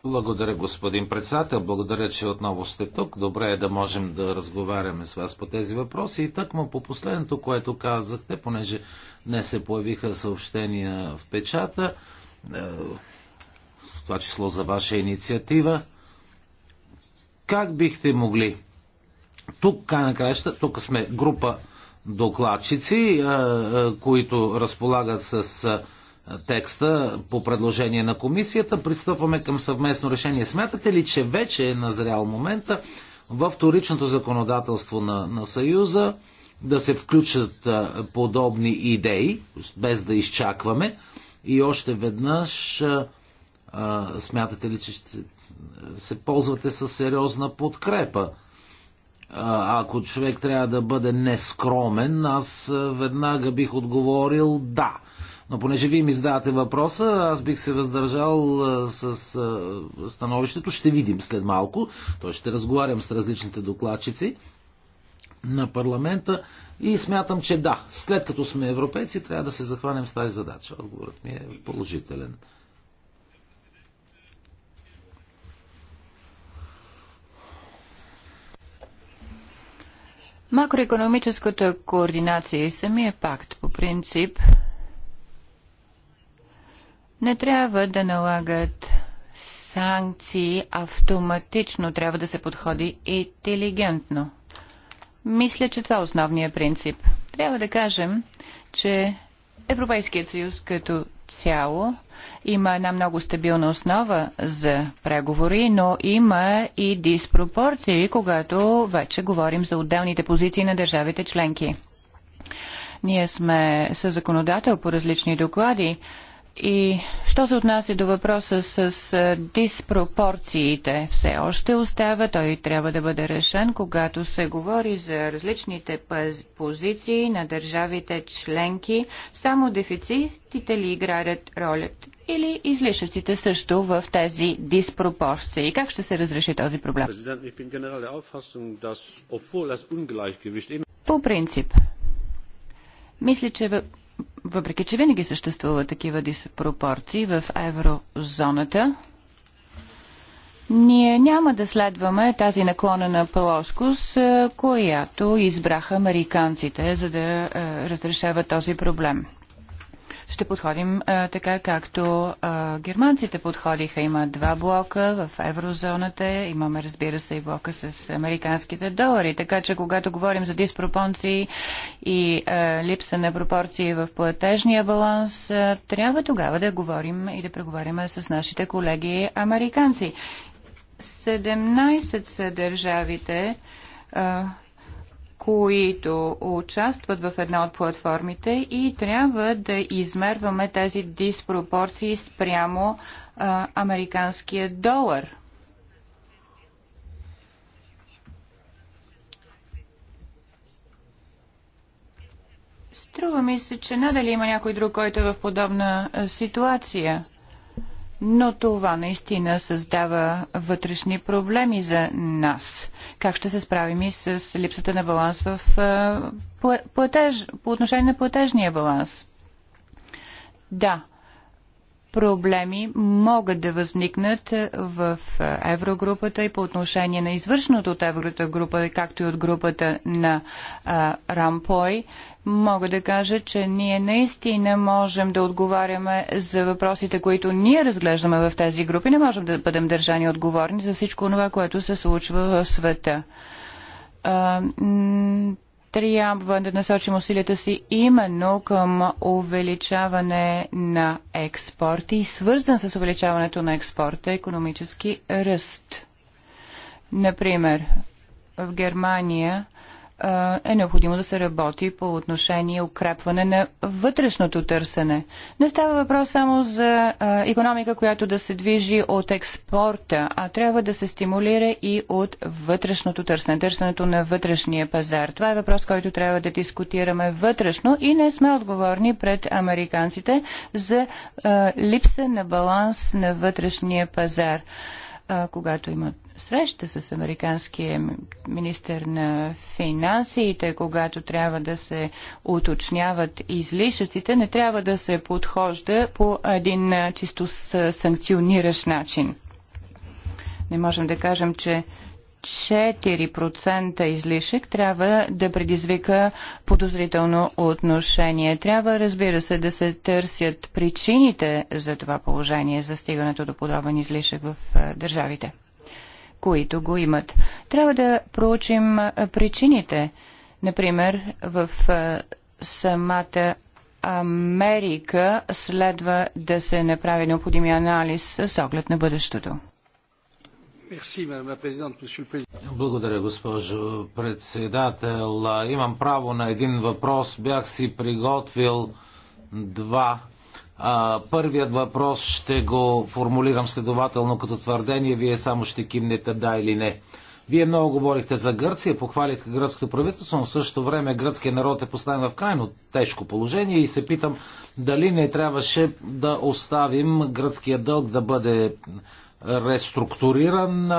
Благодаря, господин председател. Благодаря, че отново сте тук. Добре е да можем да разговаряме с вас по тези въпроси. И тъкмо по последното, което казахте, понеже днес се появиха съобщения в печата, е, в това число за ваша инициатива, как бихте могли тук, край на краища, тук сме група докладчици, е, е, които разполагат с е, текста по предложение на комисията. Пристъпваме към съвместно решение. Смятате ли, че вече е назрял момента във вторичното законодателство на, на Съюза да се включат подобни идеи, без да изчакваме? И още веднъж смятате ли, че ще се ползвате с сериозна подкрепа? ако човек трябва да бъде нескромен, аз веднага бих отговорил да. Но понеже вие ми задавате въпроса, аз бих се въздържал с становището. Ще видим след малко. Той ще разговарям с различните докладчици на парламента и смятам, че да, след като сме европейци, трябва да се захванем с тази задача. Отговорът ми е положителен. Макроекономическата координация и самия пакт по принцип не трябва да налагат санкции автоматично, трябва да се подходи интелигентно. Мисля, че това е основният принцип. Трябва да кажем, че Европейският съюз като цяло има една много стабилна основа за преговори, но има и диспропорции, когато вече говорим за отделните позиции на държавите членки. Ние сме със законодател по различни доклади. И що се отнася до въпроса с, с диспропорциите, все още остава, той трябва да бъде решен, когато се говори за различните позиции на държавите членки, само дефицитите ли играят ролят или излишъците също в тези диспропорции? Как ще се разреши този проблем? По принцип, мисля, че въпреки, че винаги съществуват такива диспропорции в еврозоната, ние няма да следваме тази наклонена плоскост, е, която избраха американците, за да е, разрешават този проблем ще подходим а, така, както а, германците подходиха. Има два блока в еврозоната, имаме, разбира се, и блока с американските долари. Така че, когато говорим за диспропорции и а, липса на пропорции в платежния баланс, а, трябва тогава да говорим и да преговаряме с нашите колеги американци. 17 са държавите, които участват в една от платформите и трябва да измерваме тези диспропорции спрямо а, американския долар. Струва ми се, че надали има някой друг, който е в подобна ситуация. Но това наистина създава вътрешни проблеми за нас как ще се справим и с липсата на баланс в платеж, по отношение на платежния баланс. Да, проблеми могат да възникнат в еврогрупата и по отношение на извършеното от еврогрупата група, както и от групата на а, Рампой. Мога да кажа, че ние наистина можем да отговаряме за въпросите, които ние разглеждаме в тези групи. Не можем да бъдем държани отговорни за всичко това, което се случва в света трябва да насочим усилията си именно към увеличаване на експорта и свързан с увеличаването на експорта економически ръст. Например, в Германия – е необходимо да се работи по отношение укрепване на вътрешното търсене. Не става въпрос само за економика, която да се движи от експорта, а трябва да се стимулира и от вътрешното търсене, търсенето на вътрешния пазар. Това е въпрос, който трябва да дискутираме вътрешно и не сме отговорни пред американците за липса на баланс на вътрешния пазар, когато имат среща с американския министр на финансите, когато трябва да се уточняват излишъците, не трябва да се подхожда по един чисто санкциониращ начин. Не можем да кажем, че 4% излишък трябва да предизвика подозрително отношение. Трябва, разбира се, да се търсят причините за това положение, за стигането до подобен излишък в държавите които го имат. Трябва да проучим причините. Например, в самата Америка следва да се направи необходимия анализ с оглед на бъдещето. Благодаря, госпожо председател. Имам право на един въпрос. Бях си приготвил два а, първият въпрос ще го формулирам следователно като твърдение, вие само ще кимнете да или не. Вие много говорихте за Гърция, похвалихте гръцкото правителство, но в същото време гръцкият народ е поставен в крайно тежко положение и се питам дали не трябваше да оставим гръцкия дълг да бъде реструктуриран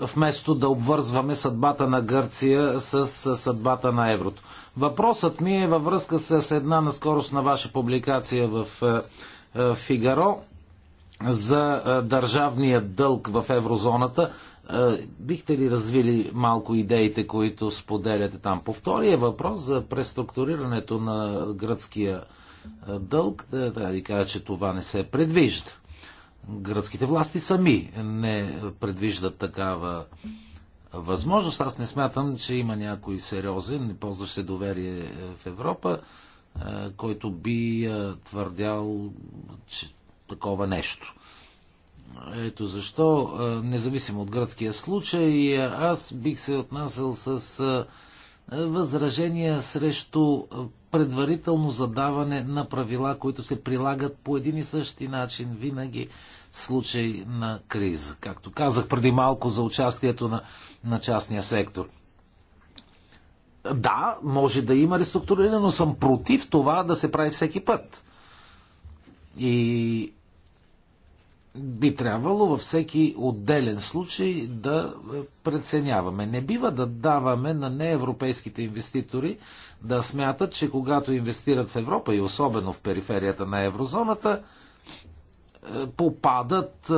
вместо да обвързваме съдбата на Гърция с, с съдбата на еврото. Въпросът ми е във връзка с една наскорост на ваша публикация в е, е, Фигаро за е, държавния дълг в еврозоната. Бихте ли развили малко идеите, които споделяте там? По втория въпрос за преструктурирането на гръцкия дълг, трябва да ви кажа, че това не се предвижда. Гръцките власти сами не предвиждат такава възможност. Аз не смятам, че има някой сериозен, не ползващ се доверие е, в Европа, е, който би е, твърдял че такова нещо. Ето защо, независимо от гръцкия случай, аз бих се отнасял с възражения срещу предварително задаване на правила, които се прилагат по един и същи начин винаги в случай на криза. Както казах преди малко за участието на, на частния сектор. Да, може да има реструктуриране, но съм против това да се прави всеки път. И би трябвало във всеки отделен случай да е, преценяваме. Не бива да даваме на неевропейските инвеститори да смятат, че когато инвестират в Европа и особено в периферията на еврозоната, е, попадат е,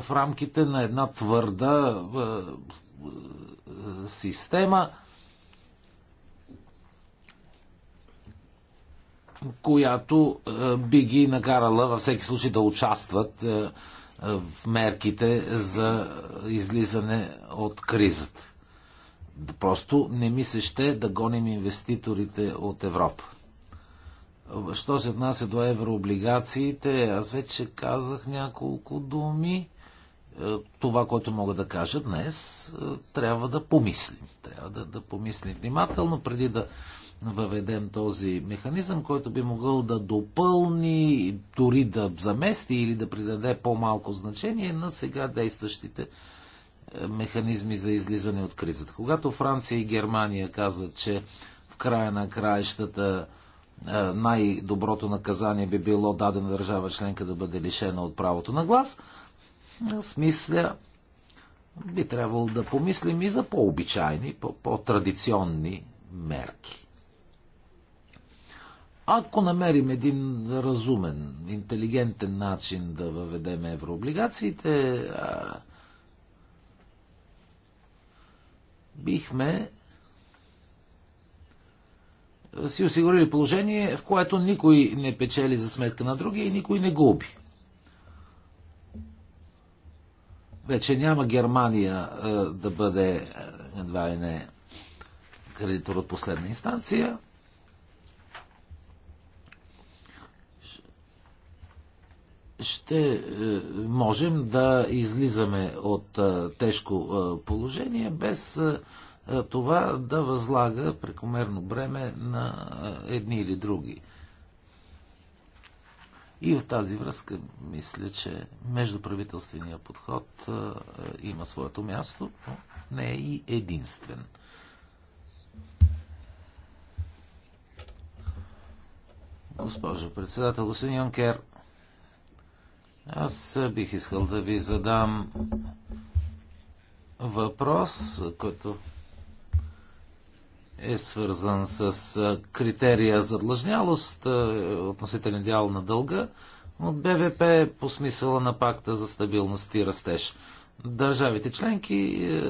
в рамките на една твърда система, която е, би ги накарала във всеки случай да участват е, е, в мерките за излизане от кризата. Просто не ми се ще да гоним инвеститорите от Европа. Що се отнася до еврооблигациите, аз вече казах няколко думи. Това, което мога да кажа днес, трябва да помислим. Трябва да, да помислим внимателно, преди да въведем този механизъм, който би могъл да допълни, дори да замести или да придаде по-малко значение на сега действащите е, механизми за излизане от кризата. Когато Франция и Германия казват, че в края на краищата е, най-доброто наказание би било дадена държава членка да бъде лишена от правото на глас, аз мисля, би трябвало да помислим и за по-обичайни, по-традиционни мерки. Ако намерим един разумен, интелигентен начин да въведем еврооблигациите, бихме си осигурили положение, в което никой не печели за сметка на другия и никой не губи. Вече няма Германия да бъде едва и не кредитор от последна инстанция, ще е, можем да излизаме от е, тежко е, положение без това да възлага прекомерно бреме на едни или други. И в тази връзка мисля, че междуправителствения подход има своето място, но не е и единствен. Госпожо председател, господин Йонкер, аз бих искал да ви задам въпрос, който е свързан с критерия за длъжнялост, относителен дял на дълга от БВП по смисъла на пакта за стабилност и растеж. Държавите членки е,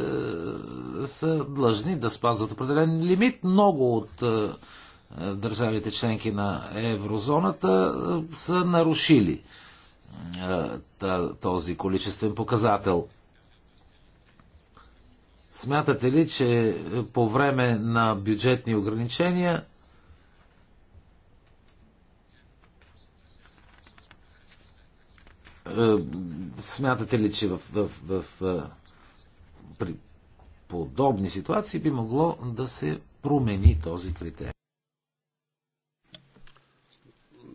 са длъжни да спазват определен лимит. Много от е, държавите членки на еврозоната е, са нарушили е, е, този количествен показател. Смятате ли, че по време на бюджетни ограничения е, смятате ли, че в, в, в, в е, при подобни ситуации би могло да се промени този критерий?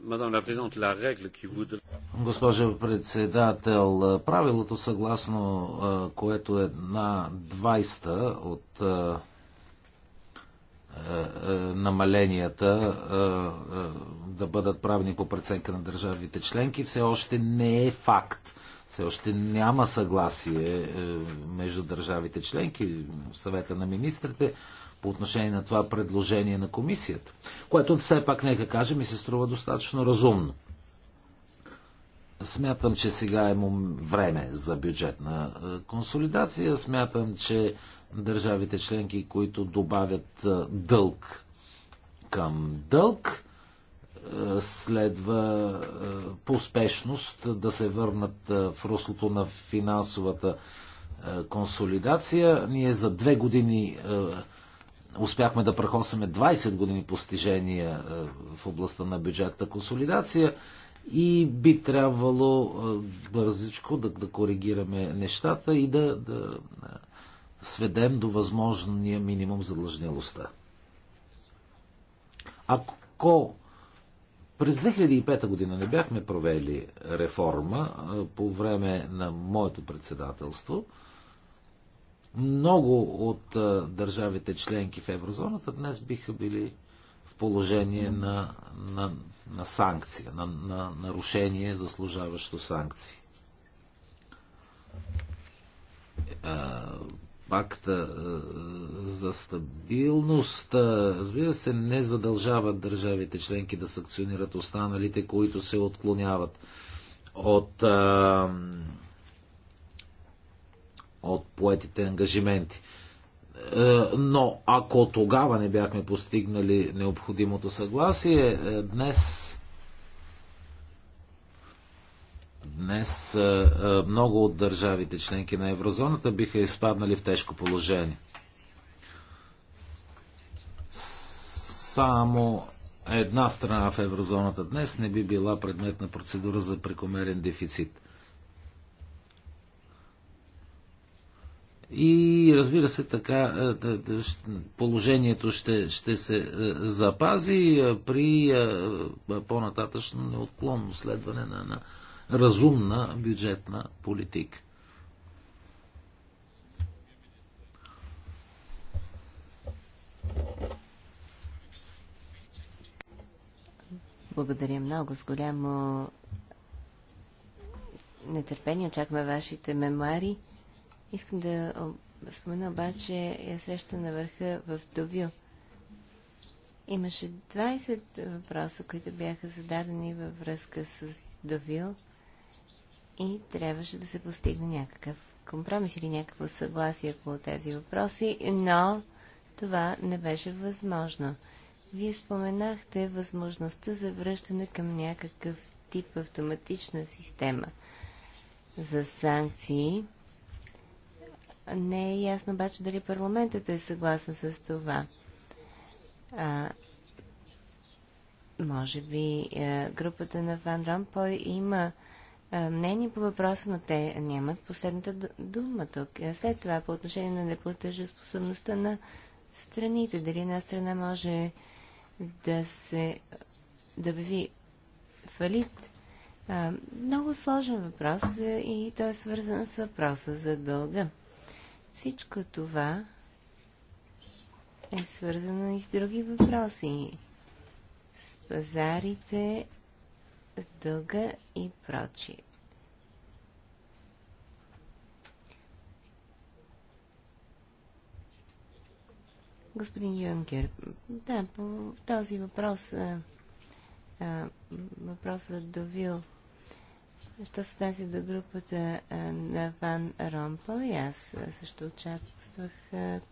Мадам la президент, la règle ки вудра... Госпожо председател, правилото съгласно което е на 20 от намаленията да бъдат правени по преценка на държавите членки все още не е факт. Все още няма съгласие е, между държавите членки, съвета на министрите по отношение на това предложение на комисията, което все пак, нека кажем, и се струва достатъчно разумно. Смятам, че сега е време за бюджетна консолидация. Смятам, че държавите членки, които добавят дълг към дълг, следва по успешност да се върнат в руслото на финансовата консолидация. Ние за две години успяхме да прахосаме 20 години постижения в областта на бюджетна консолидация и би трябвало бързичко да, да коригираме нещата и да, да сведем до възможния минимум задлъжнялостта. Ако през 2005 година не бяхме провели реформа по време на моето председателство, много от държавите членки в еврозоната днес биха били положение на, на, на санкция, на, на нарушение, заслужаващо санкции. Е, пакта е, за стабилност, е, разбира се, не задължават държавите членки да санкционират останалите, които се отклоняват от, от поетите ангажименти. Е, но ако тогава не бяхме постигнали необходимото съгласие, е, днес днес е, много от държавите членки на еврозоната биха изпаднали в тежко положение. Само една страна в еврозоната днес не би била предмет на процедура за прекомерен дефицит. И разбира се, така е, положението ще, ще се е, запази е, при по-нататъчно неотклонно следване на, на разумна бюджетна политика. Благодаря много. С голямо нетърпение очакваме вашите мемуари. Искам да спомена обаче я е среща на върха в Довил. Имаше 20 въпроса, които бяха зададени във връзка с Довил и трябваше да се постигне някакъв компромис или някакво съгласие по тези въпроси, но това не беше възможно. Вие споменахте възможността за връщане към някакъв тип автоматична система за санкции не е ясно обаче дали парламентът е съгласен с това. А, може би е, групата на Ван Ромпой има е, мнение по въпроса, но те нямат последната дума тук. Е, след това, по отношение на неплатежеспособността на страните, дали една страна може да се да обяви фалит, много сложен въпрос и той е свързан с въпроса за дълга. Всичко това е свързано и с други въпроси. С пазарите, дълга и прочи. Господин Юнгер, да, по този въпрос, въпросът довил Що се тази до групата на Ван Ромпо, и аз също участвах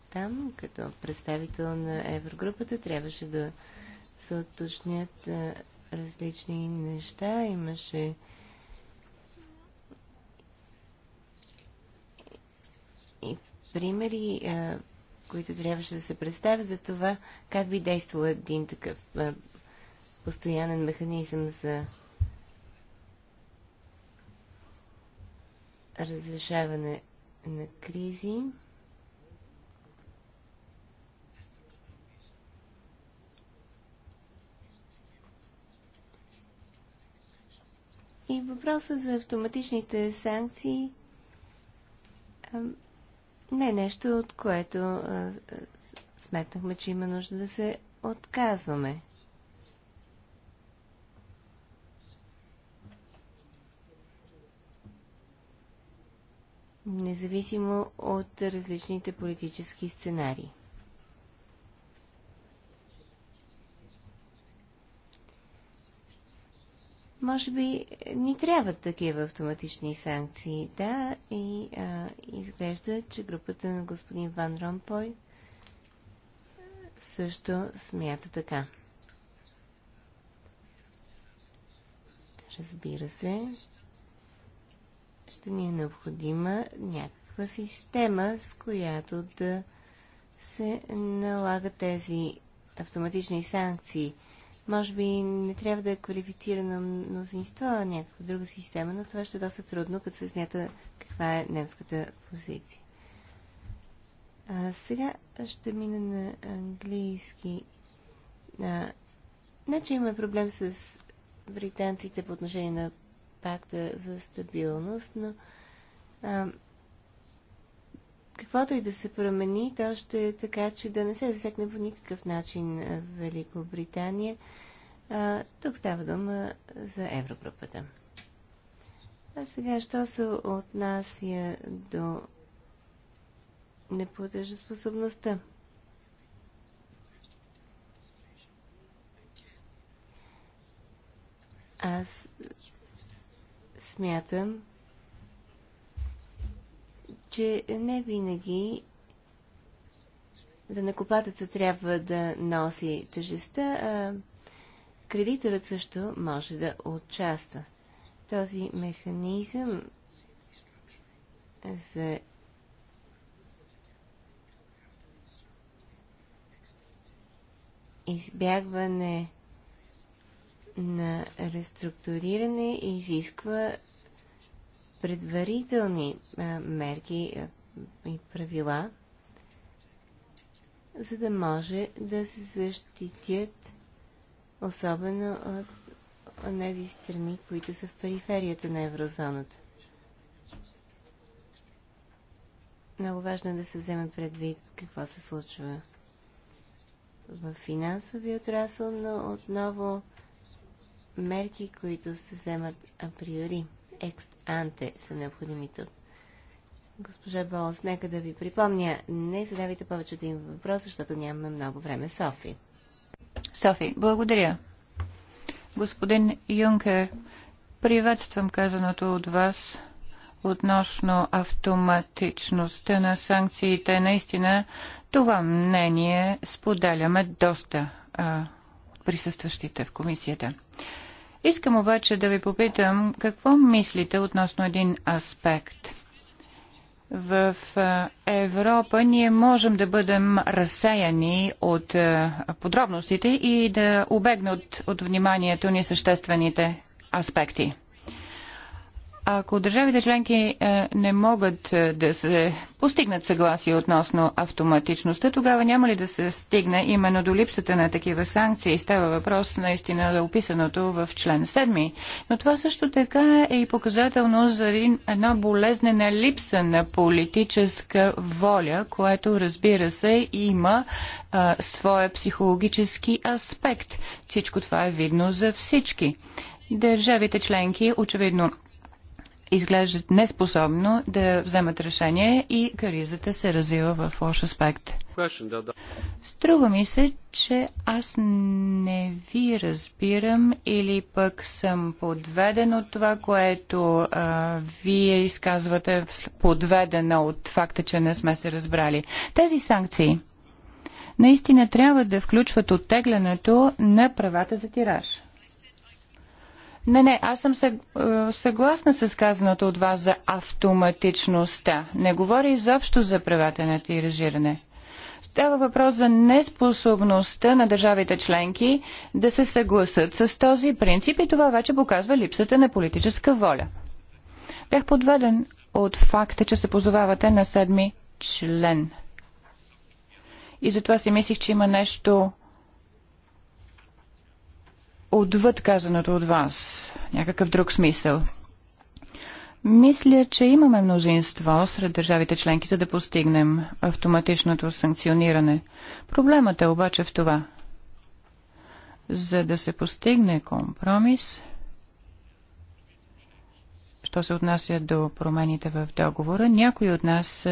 там като представител на Еврогрупата. Трябваше да се уточнят различни неща. Имаше и примери, които трябваше да се представят за това как би действал един такъв постоянен механизъм за разрешаване на кризи. И въпросът за автоматичните санкции не е нещо, от което сметнахме, че има нужда да се отказваме. независимо от различните политически сценарии. Може би ни трябват такива автоматични санкции, да, и а, изглежда, че групата на господин Ван Ромпой също смята така. Разбира се, ще ни е необходима някаква система, с която да се налага тези автоматични санкции. Може би не трябва да е квалифицирано мнозинство, а някаква друга система, но това ще е доста трудно, като се смята каква е немската позиция. А сега ще мина на английски. А, не, че има проблем с британците по отношение на пакта за стабилност, но а, каквото и да се промени, то ще е така, че да не се засекне по никакъв начин в Великобритания. А, тук става дума за Еврогрупата. А сега, що се отнася до неплатежоспособността? Аз смятам, че не винаги данакопатеца трябва да носи тъжеста, а кредиторът също може да участва. Този механизъм за избягване на реструктуриране изисква предварителни мерки и правила, за да може да се защитят особено от тези страни, които са в периферията на еврозоната. Много важно е да се вземе предвид какво се случва в финансовия отрасъл, но отново мерки, които се вземат априори. Екст анте са необходими тук. Госпожа Болс, нека да ви припомня, не задавайте повече да им въпрос, защото нямаме много време. Софи. Софи, благодаря. Господин Юнкер, приветствам казаното от вас относно автоматичността на санкциите. Наистина, това мнение споделяме доста а, присъстващите в комисията. Искам обаче да ви попитам какво мислите относно един аспект. В Европа ние можем да бъдем разсеяни от подробностите и да обегнат от вниманието ни съществените аспекти. Ако държавите членки е, не могат е, да се постигнат съгласие относно автоматичността, тогава няма ли да се стигне именно до липсата на такива санкции? Става въпрос наистина за описаното в член 7. Но това също така е и показателно за една болезнена липса на политическа воля, което разбира се има а, своя психологически аспект. Всичко това е видно за всички. Държавите членки очевидно изглеждат неспособно да вземат решение и кризата се развива в лош аспект. Струва ми се, че аз не ви разбирам или пък съм подведен от това, което а, вие изказвате, подведена от факта, че не сме се разбрали. Тези санкции наистина трябва да включват оттеглянето на правата за тираж. Не, не, аз съм е, съгласна с казаното от вас за автоматичността. Не говори изобщо за правата на тиражиране. Става въпрос за неспособността на държавите членки да се съгласат с този принцип и това вече показва липсата на политическа воля. Бях подведен от факта, че се позовавате на седми член. И затова си мислих, че има нещо отвъд казаното от вас, някакъв друг смисъл. Мисля, че имаме мнозинство сред държавите членки, за да постигнем автоматичното санкциониране. Проблемът е обаче в това. За да се постигне компромис, що се отнася до промените в договора, някои от нас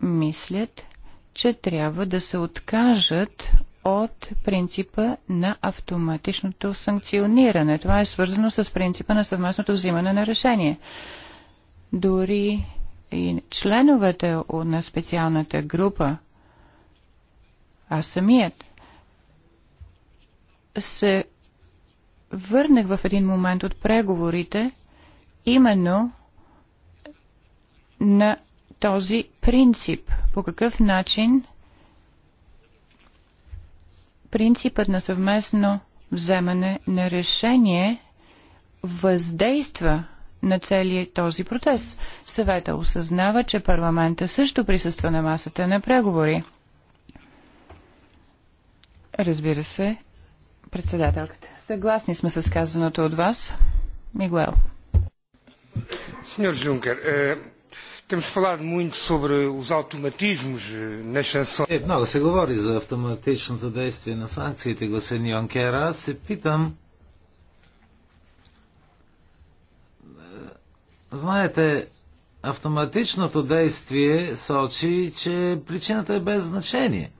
мислят, че трябва да се откажат от принципа на автоматичното санкциониране. Това е свързано с принципа на съвместното взимане на решение. Дори и членовете на специалната група, а самият, се върнах в един момент от преговорите именно на този принцип. По какъв начин принципът на съвместно вземане на решение въздейства на целият този процес. Съвета осъзнава, че парламента също присъства на масата на преговори. Разбира се, председателката. Съгласни сме с казаното от вас. Мигуел. Сеньор Джункер, е... Temos falado muito sobre os automatismos eh, nas sanções. Е, много се говори за автоматичното действие на санкциите, господин Йонкер. Аз се питам, е, знаете, автоматичното действие сочи, че причината е без значение.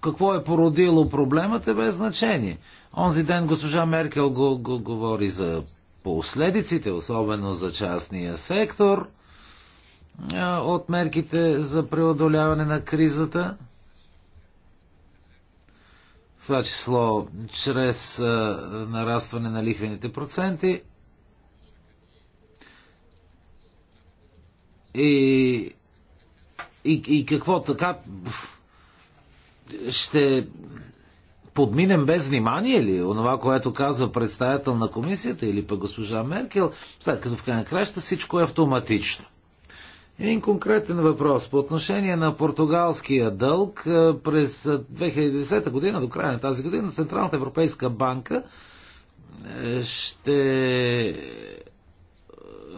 Какво е породило проблемът е без значение. Онзи ден госпожа Меркел го, го говори за последиците, особено за частния сектор – от мерките за преодоляване на кризата, в това число чрез нарастване на лихвените проценти и, и, и какво така ще подминем без внимание ли онова, което казва представител на комисията или пък госпожа Меркел, след като в крайна краща всичко е автоматично. Един конкретен въпрос. По отношение на португалския дълг, през 2010 година, до края на тази година, Централната европейска банка е, ще е,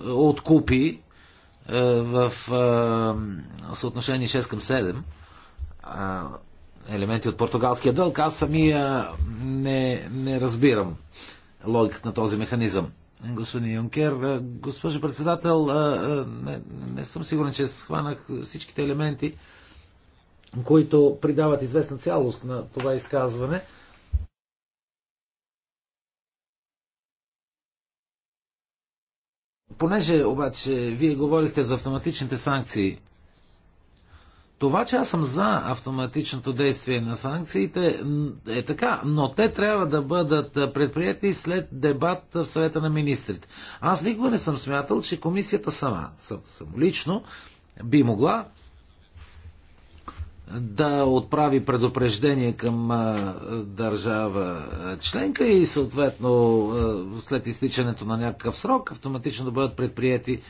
откупи е, в съотношение 6 към 7 елементи от португалския дълг. Аз самия не, не разбирам логиката на този механизъм господин Юнкер. Госпожо председател, не, не съм сигурен, че схванах всичките елементи, които придават известна цялост на това изказване. Понеже обаче вие говорихте за автоматичните санкции това, че аз съм за автоматичното действие на санкциите, е така, но те трябва да бъдат предприяти след дебат в съвета на министрите. Аз никога не съм смятал, че комисията сама, самолично, би могла да отправи предупреждение към държава членка и съответно след изтичането на някакъв срок автоматично да бъдат предприяти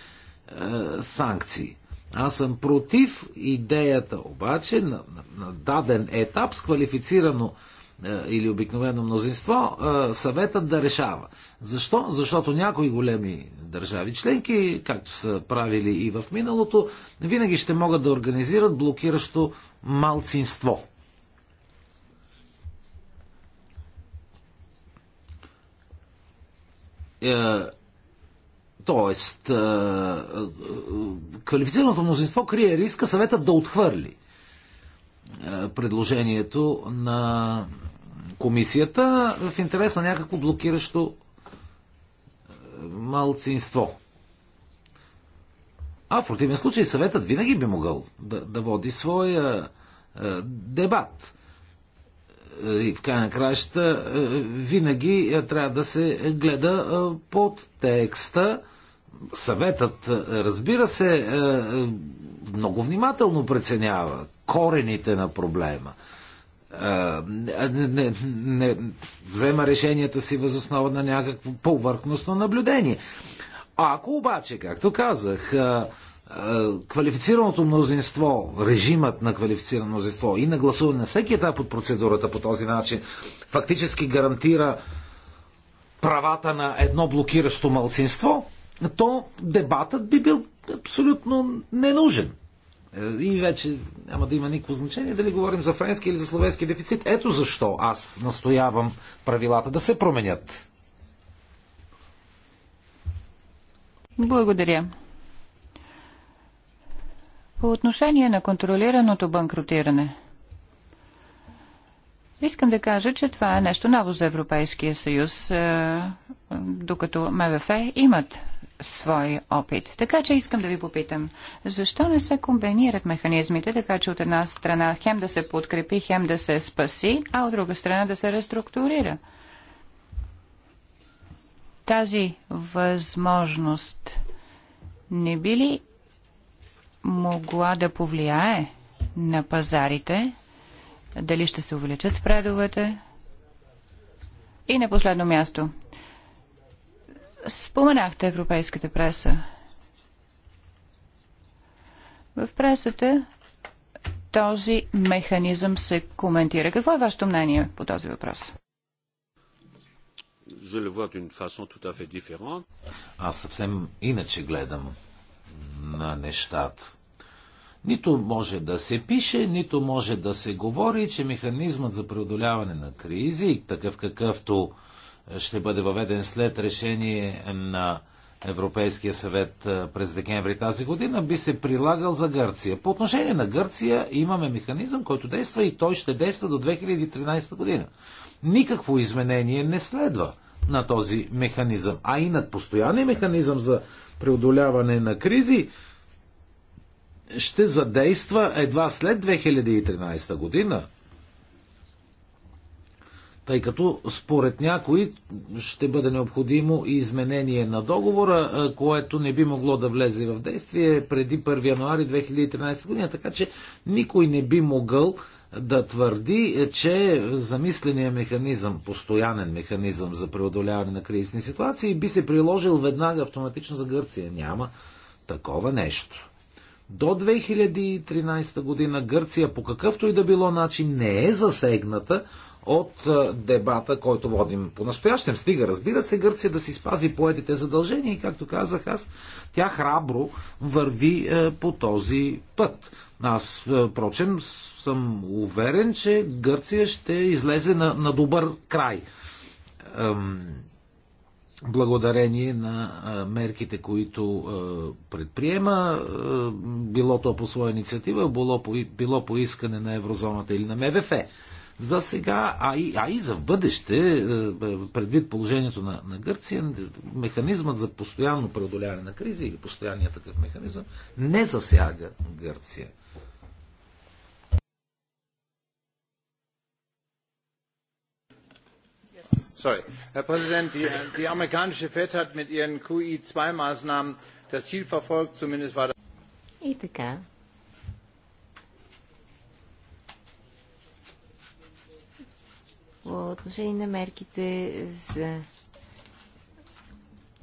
санкции. Аз съм против идеята обаче на, на, на даден етап с квалифицирано е, или обикновено мнозинство, е, съветът да решава. Защо? Защото някои големи държави членки, както са правили и в миналото, винаги ще могат да организират блокиращо малцинство. Е, Тоест, квалифицираното мнозинство крие риска съветът да отхвърли предложението на комисията в интерес на някакво блокиращо малцинство. А в противен случай съветът винаги би могъл да, да води своя е, дебат. И в край краща е, винаги е, трябва да се гледа е, под текста съветът, е, разбира се, е, е, много внимателно преценява корените на проблема. Не, не, не взема решенията си възоснова на някакво повърхностно наблюдение. Ако обаче, както казах, квалифицираното мнозинство, режимът на квалифицирано мнозинство и на гласуване на всеки етап от процедурата по този начин фактически гарантира правата на едно блокиращо мълцинство, то дебатът би бил абсолютно ненужен. Е, и вече няма да има никакво значение дали говорим за френски или за словенски дефицит. Ето защо аз настоявам правилата да се променят. Благодаря. По отношение на контролираното банкротиране. Искам да кажа, че това е нещо ново за Европейския съюз, е, докато МВФ имат свой опит. Така че искам да ви попитам, защо не се комбинират механизмите, така че от една страна хем да се подкрепи, хем да се спаси, а от друга страна да се реструктурира? Тази възможност не би ли могла да повлияе на пазарите? Дали ще се увеличат спредовете? И на последно място – Споменахте европейската преса. В пресата този механизъм се коментира. Какво е вашето мнение по този въпрос? Аз съвсем иначе гледам на нещата. Нито може да се пише, нито може да се говори, че механизмът за преодоляване на кризи, такъв какъвто ще бъде въведен след решение на Европейския съвет през декември тази година, би се прилагал за Гърция. По отношение на Гърция имаме механизъм, който действа и той ще действа до 2013 година. Никакво изменение не следва на този механизъм. А и над постоянния механизъм за преодоляване на кризи ще задейства едва след 2013 година, тъй като според някои ще бъде необходимо и изменение на договора, което не би могло да влезе в действие преди 1 януари 2013 година. Така че никой не би могъл да твърди, че замисления механизъм, постоянен механизъм за преодоляване на кризисни ситуации би се приложил веднага автоматично за Гърция. Няма такова нещо. До 2013 година Гърция по какъвто и да било начин не е засегната от дебата, който водим по-настоящем. Стига, разбира се, Гърция да си спази поетите задължения и, както казах аз, тя храбро върви е, по този път. Аз, е, впрочем, съм уверен, че Гърция ще излезе на, на добър край. благодарение на мерките, които предприема, било то по своя инициатива, било по, било по искане на еврозоната или на МВФ за сега, а и, а и за в бъдеще, е, е, предвид положението на, на Гърция, механизмът за постоянно преодоляване на кризи или постоянния такъв механизъм не засяга Гърция. Sorry. herr präsident! die die amerikanische fed hat mit ihren qi 2 maßnahmen das ziel verfolgt zumindest war das. По отношение на мерките за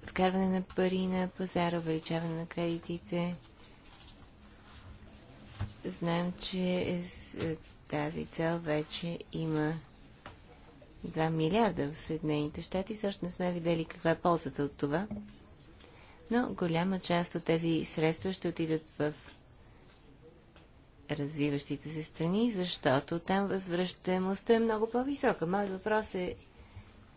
вкарване на пари на пазара, увеличаване на кредитите, знаем, че е е, тази цел вече има 2 милиарда в Съединените щати. Също не сме видели каква е ползата от това. Но голяма част от тези средства ще отидат в развиващите се страни, защото там възвръщаемостта е много по-висока. Моят въпрос е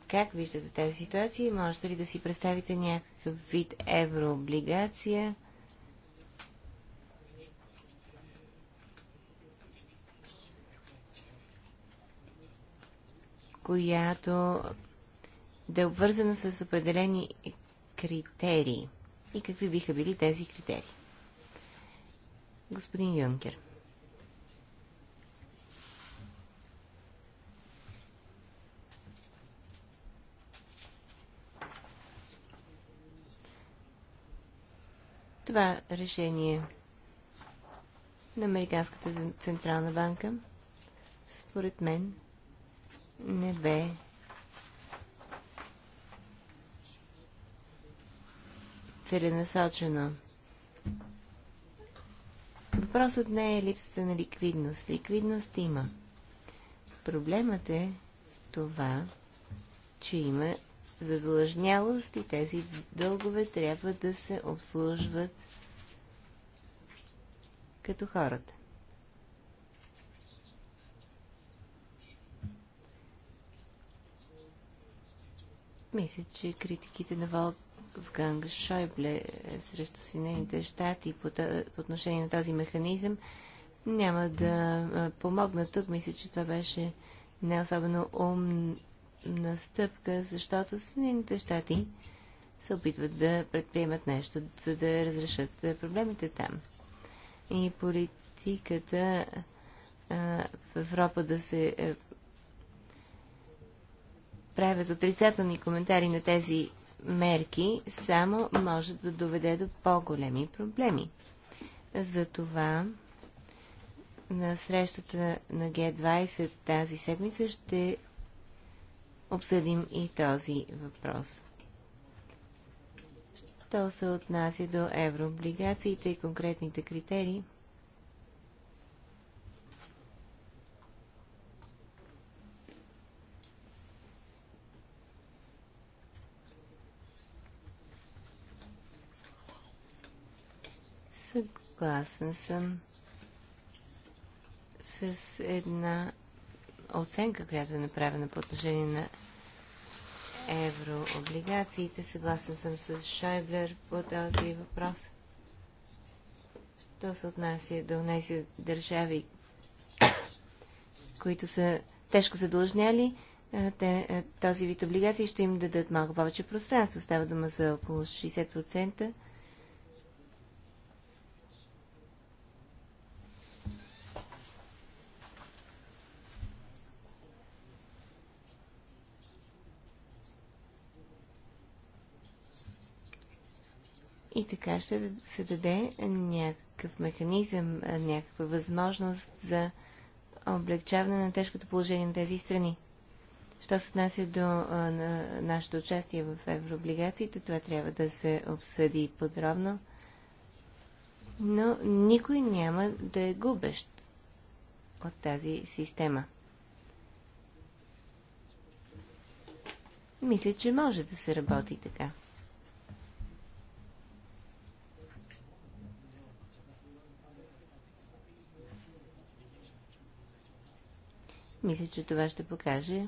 как виждате тази ситуация и можете ли да си представите някакъв вид еврооблигация? която да е обвързана с определени критерии. И какви биха били тези критерии? Господин Юнкер. това решение на Американската централна банка, според мен, не бе целенасочено. Въпросът не е липсата на ликвидност. Ликвидност има. Проблемът е това, че има задлъжнялост и тези дългове трябва да се обслужват като хората. Мисля, че критиките на Волфганг Шойбле е, срещу Синените щати по, по отношение на този механизъм няма да помогнат тук. Мисля, че това беше не особено умно Настъпка, защото Съединените щати се опитват да предприемат нещо, за да разрешат проблемите там. И политиката а, в Европа да се а, е, правят отрицателни коментари на тези мерки само може да доведе до по-големи проблеми. Затова на срещата на Г20 тази седмица ще обсъдим и този въпрос. Що се отнася до еврооблигациите и конкретните критерии? Съгласен съм с една оценка, която е направена по отношение на еврооблигациите. Съгласен съм с Шайблер по този въпрос. Що се отнася до тези държави, които са тежко задължняли, те, този вид облигации ще им дадат малко повече пространство. Става дума за около 60% и така ще се даде някакъв механизъм, някаква възможност за облегчаване на тежкото положение на тези страни. Що се отнася до на нашето участие в еврооблигациите, това трябва да се обсъди подробно. Но никой няма да е губещ от тази система. Мисля, че може да се работи така. Мисля, че това ще покаже,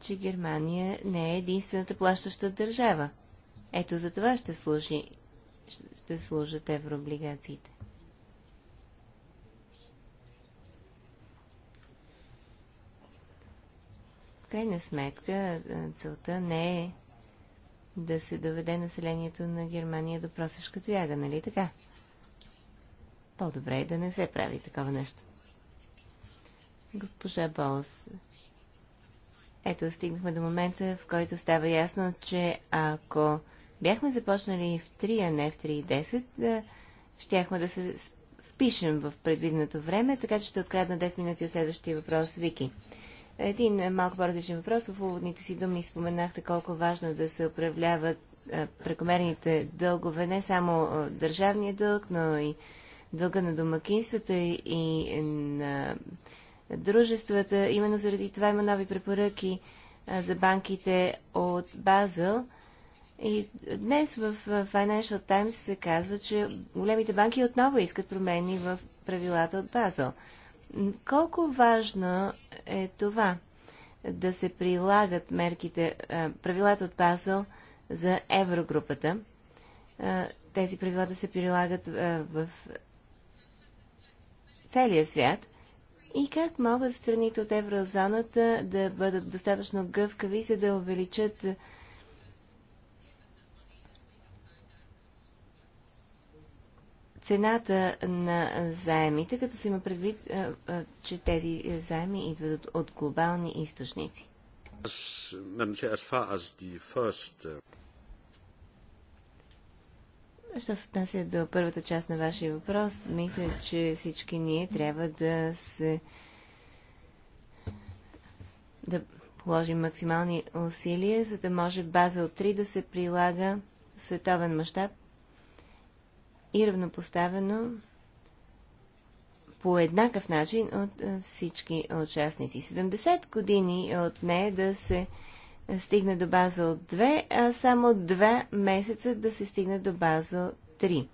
че Германия не е единствената плащаща държава. Ето за това ще, служи, ще служат еврооблигациите. В крайна сметка, целта не е да се доведе населението на Германия до просешка тояга, нали така? по-добре е да не се прави такова нещо. Госпожа Болс, ето стигнахме до момента, в който става ясно, че ако бяхме започнали в 3, а не в 3 и 10, да, щяхме да се впишем в предвиденото време, така че ще открадна 10 минути от следващия въпрос, Вики. Един малко по-различен въпрос. В уводните си думи споменахте колко важно е да се управляват прекомерните дългове, не само държавния дълг, но и дълга на домакинствата и на дружествата. Именно заради това има нови препоръки за банките от Базъл. И днес в Financial Times се казва, че големите банки отново искат промени в правилата от Базъл. Колко важно е това да се прилагат мерките, правилата от Базъл за еврогрупата? Тези правила да се прилагат в целия свят и как могат страните от еврозоната да бъдат достатъчно гъвкави, за да увеличат е, цената на заемите, като се има предвид, е, е, че тези заеми идват от глобални източници. Що се отнася до първата част на вашия въпрос, мисля, че всички ние трябва да се да положим максимални усилия, за да може база от 3 да се прилага в световен мащаб и равнопоставено по еднакъв начин от всички участници. 70 години от нея да се стигне до Базъл 2, а само 2 месеца да се стигне до Базъл 3.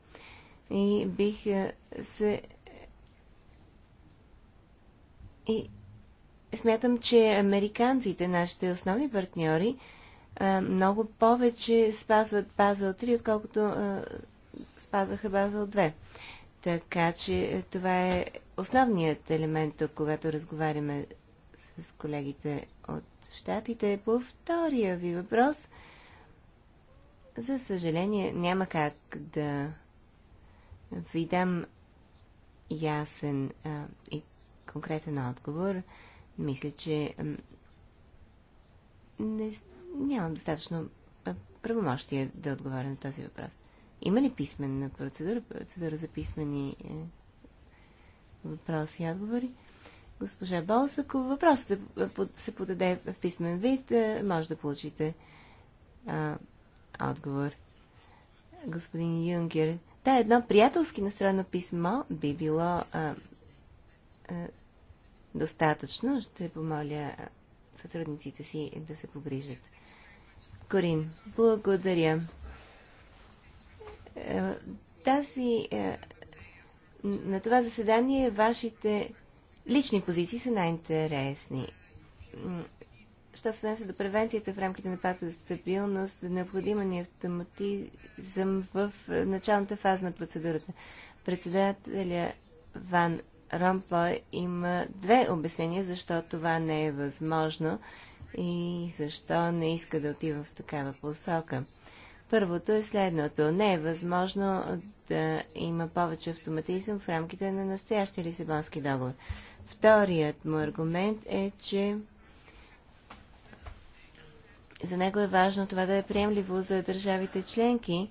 И бих се... И смятам, че американците, нашите основни партньори, много повече спазват Базъл 3, отколкото спазваха Базъл 2. Така че това е основният елемент когато разговаряме с колегите от щатите. По втория ви въпрос, за съжаление, няма как да ви дам ясен а, и конкретен отговор. Мисля, че не, нямам достатъчно правомощие да отговоря на този въпрос. Има ли писмена процедура, процедура за писмени е, въпроси и отговори? госпожа Болс. Ако въпросът е е се подаде в писмен вид, е, може да получите а, отговор. Господин Юнгер, да, едно приятелски настроено писмо би било а, а, достатъчно. Ще помоля сътрудниците си да се погрижат. Корин, благодаря. Тази, на това заседание вашите лични позиции са най-интересни. Що се отнася до превенцията в рамките на пакта за стабилност, необходима ни автоматизъм в е, началната фаза на процедурата. Председателя Ван Ромпой има две обяснения, защо това не е възможно и защо не иска да отива в такава посока. Първото е следното. Не е възможно да има повече автоматизъм в рамките на настоящия Лисабонски договор. Вторият му аргумент е, че за него е важно това да е приемливо за държавите членки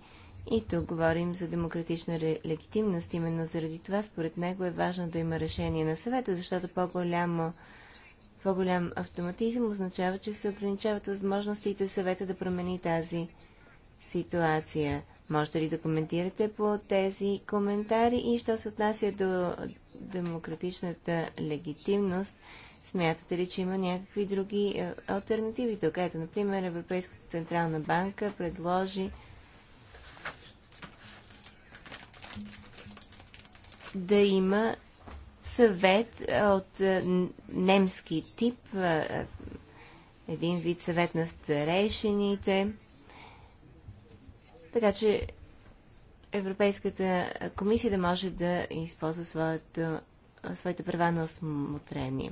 и тук говорим за демократична легитимност. Именно заради това според него е важно да има решение на съвета, защото по-голямо по-голям автоматизъм означава, че се ограничават възможностите съвета да промени тази ситуация. Можете ли да коментирате по тези коментари и що се отнася до демократичната легитимност, смятате ли, че има някакви други е, альтернативи тук? Ето, например, Европейската централна банка предложи да има съвет е, от е, немски тип, един вид съвет на старейшините, така че Европейската комисия да може да използва своята, своите права на осмотрение.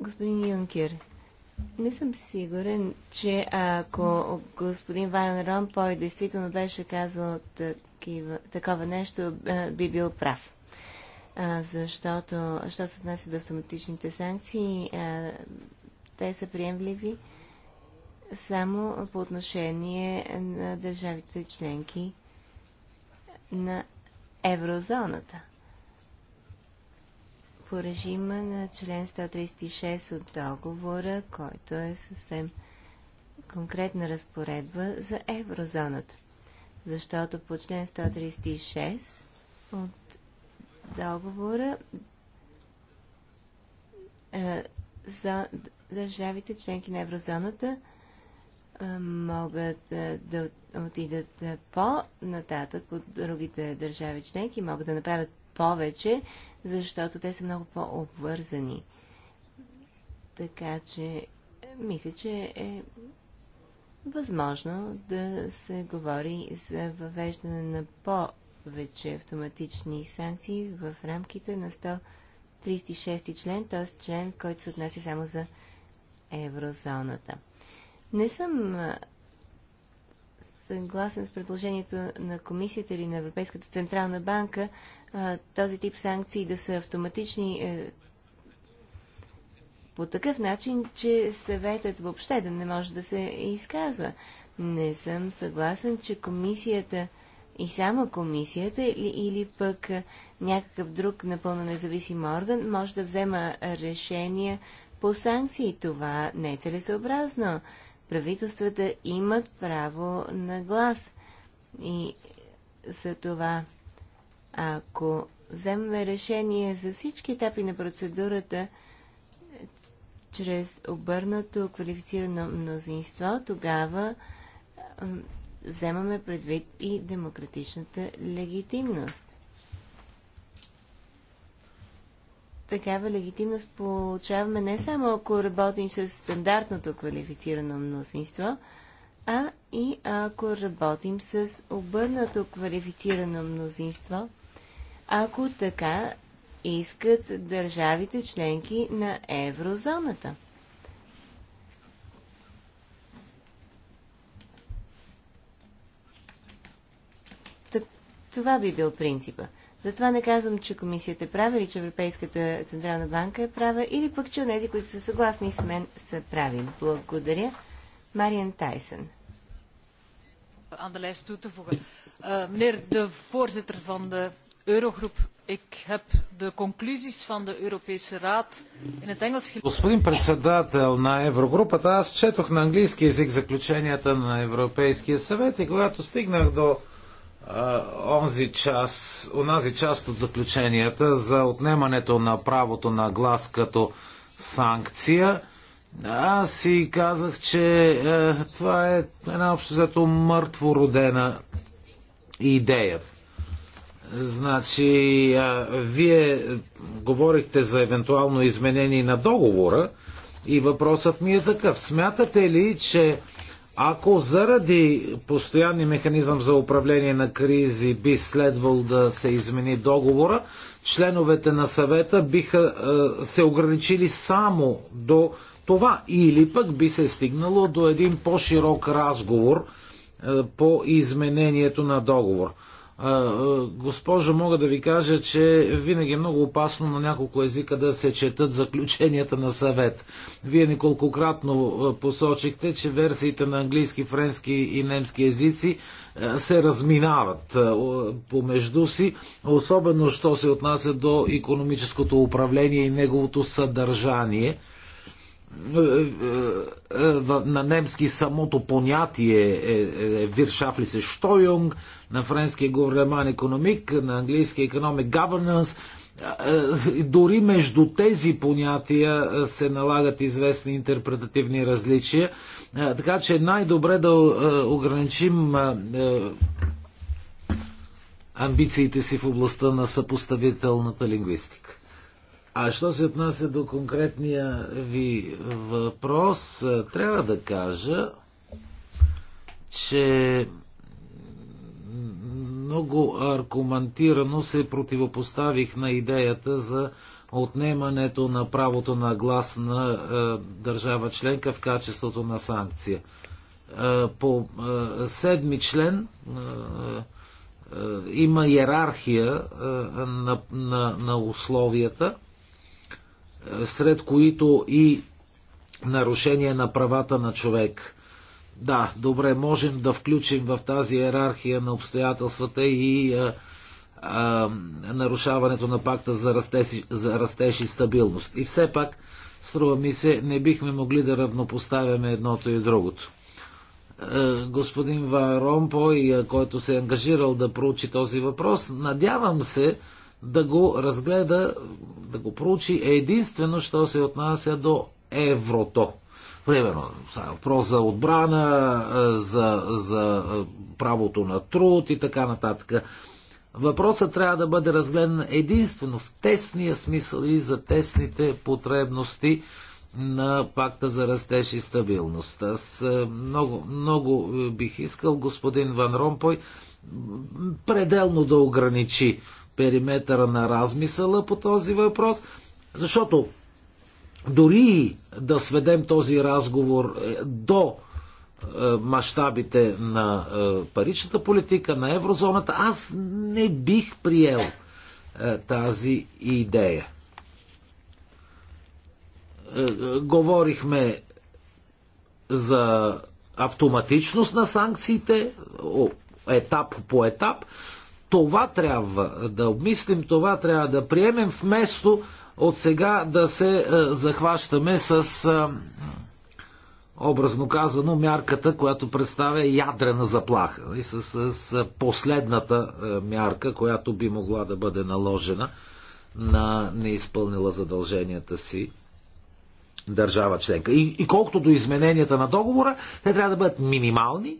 Господин Юнкер, не съм сигурен, че ако господин Вайн Ромпой действително беше казал такива, такова нещо, би бил прав. защото, що се отнася до автоматичните санкции, те са приемливи само по отношение на държавите членки на еврозоната. По режима на член 136 от договора, който е съвсем конкретна разпоредба за еврозоната. Защото по член 136 от договора е, за държавите членки на еврозоната – могат да отидат по-нататък от другите държави членки, могат да направят повече, защото те са много по-обвързани. Така че, мисля, че е възможно да се говори за въвеждане на повече автоматични санкции в рамките на 136 член, т.е. член, който се отнася само за еврозоната. Не съм съгласен с предложението на комисията или на Европейската централна банка този тип санкции да са автоматични е, по такъв начин, че съветът въобще да не може да се изказва. Не съм съгласен, че комисията и само комисията или, или пък някакъв друг напълно независим орган може да взема решения по санкции. Това не е целесъобразно правителствата имат право на глас. И за това, ако вземем решение за всички етапи на процедурата, чрез обърнато квалифицирано мнозинство, тогава вземаме предвид и демократичната легитимност. такава легитимност получаваме не само ако работим с стандартното квалифицирано мнозинство, а и ако работим с обърнато квалифицирано мнозинство, ако така искат държавите членки на еврозоната. Това би бил принципа. Затова не казвам, че комисията е права или че Европейската Централна банка е права или пък, че онези, които са съгласни с мен, са прави. Благодаря. Мариан Тайсън. Aan de lijst toe te voegen. Uh, meneer de voorzitter van de Eurogroep, ik heb de conclusies van de Europese Raad in het Engels gelezen. Господин председател на Еврогрупата, аз четох на английски език заключенията на Европейския съвет и когато стигнах до онзи час, онази част от заключенията за отнемането на правото на глас като санкция, аз си казах, че е, това е една общо зато мъртво родена идея. Значи, е, вие говорихте за евентуално изменение на договора и въпросът ми е такъв. Смятате ли, че ако заради постоянни механизъм за управление на кризи би следвал да се измени договора, членовете на съвета биха е, се ограничили само до това или пък би се стигнало до един по-широк разговор е, по изменението на договор. Госпожо, мога да ви кажа, че винаги е много опасно на няколко езика да се четат заключенията на съвет. Вие неколкократно посочихте, че версиите на английски, френски и немски езици се разминават помежду си, особено що се отнася до економическото управление и неговото съдържание – е, е, е, на немски самото понятие е виршафли се Штойунг, на френски Горлеман економик, на английски економик governance. Дори между тези понятия се налагат известни интерпретативни различия. Така че най-добре да ограничим амбициите си в областта на съпоставителната лингвистика. А що се отнася до конкретния ви въпрос, е, трябва да кажа, че много аргументирано се противопоставих на идеята за отнемането на правото на глас на е, държава членка в качеството на санкция. Е, по е, седми член е, е, има иерархия е, на, на, на условията – сред които и нарушение на правата на човек. Да, добре, можем да включим в тази иерархия на обстоятелствата и а, а, нарушаването на пакта за растеж, за растеж и стабилност. И все пак, струва ми се, не бихме могли да равнопоставяме едното и другото. Е, господин Варомпой, който се е ангажирал да проучи този въпрос, надявам се, да го разгледа, да го проучи единствено, що се отнася до еврото. Примерно, въпрос за отбрана, за, за правото на труд и така нататък. Въпросът трябва да бъде разгледан единствено в тесния смисъл и за тесните потребности на пакта за растеж и стабилност. Аз много, много бих искал господин Ван Ромпой пределно да ограничи периметъра на размисъла по този въпрос, защото дори да сведем този разговор е, до е, мащабите на е, паричната политика, на еврозоната, аз не бих приел тази идея. Говорихме за автоматичност на санкциите, етап по етап това трябва да обмислим, това трябва да приемем, вместо от сега да се е, захващаме с е, образно казано, мярката, която представя ядрена заплаха. И нали, с, с, с последната е, мярка, която би могла да бъде наложена на неизпълнила задълженията си държава членка. И, и колкото до измененията на договора, те трябва да бъдат минимални,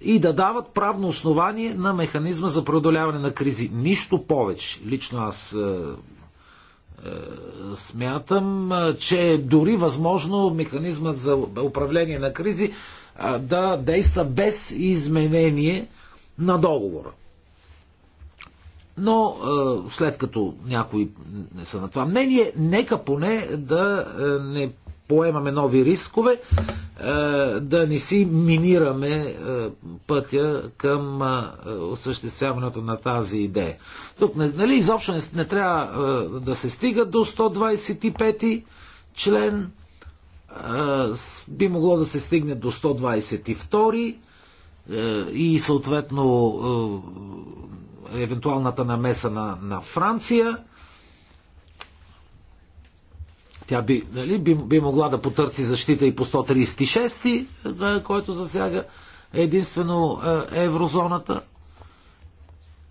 и да дават правно основание на механизма за преодоляване на кризи. Нищо повече. Лично аз е, е, смятам, е, че е дори възможно механизмът за управление на кризи да действа без изменение на договора. Но след като някои не са на това мнение, нека поне да не поемаме нови рискове, е, да не си минираме е, пътя към е, осъществяването на тази идея. Тук нали, изобщо не, не трябва да се стига до 125 член, би могло да се стигне до 122 и съответно евентуалната намеса на, на Франция тя би, нали, би, би могла да потърси защита и по 136, е, който засяга единствено е, еврозоната.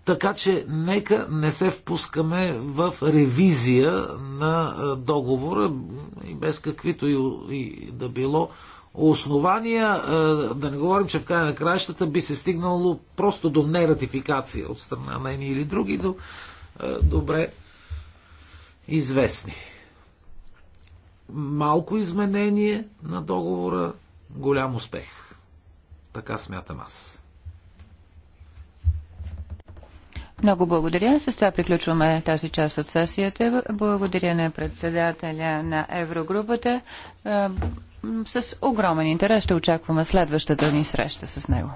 Така че нека не се впускаме в ревизия на е, договора и без каквито и, и да било основания, да не говорим, че в края на краищата би се стигнало просто до нератификация от страна на едни или други, до добре известни малко изменение на договора, голям успех. Така смятам аз. Много благодаря. С това приключваме тази част от сесията. Благодаря на председателя на Еврогрупата. Е, с огромен интерес ще очакваме следващата ни среща с него.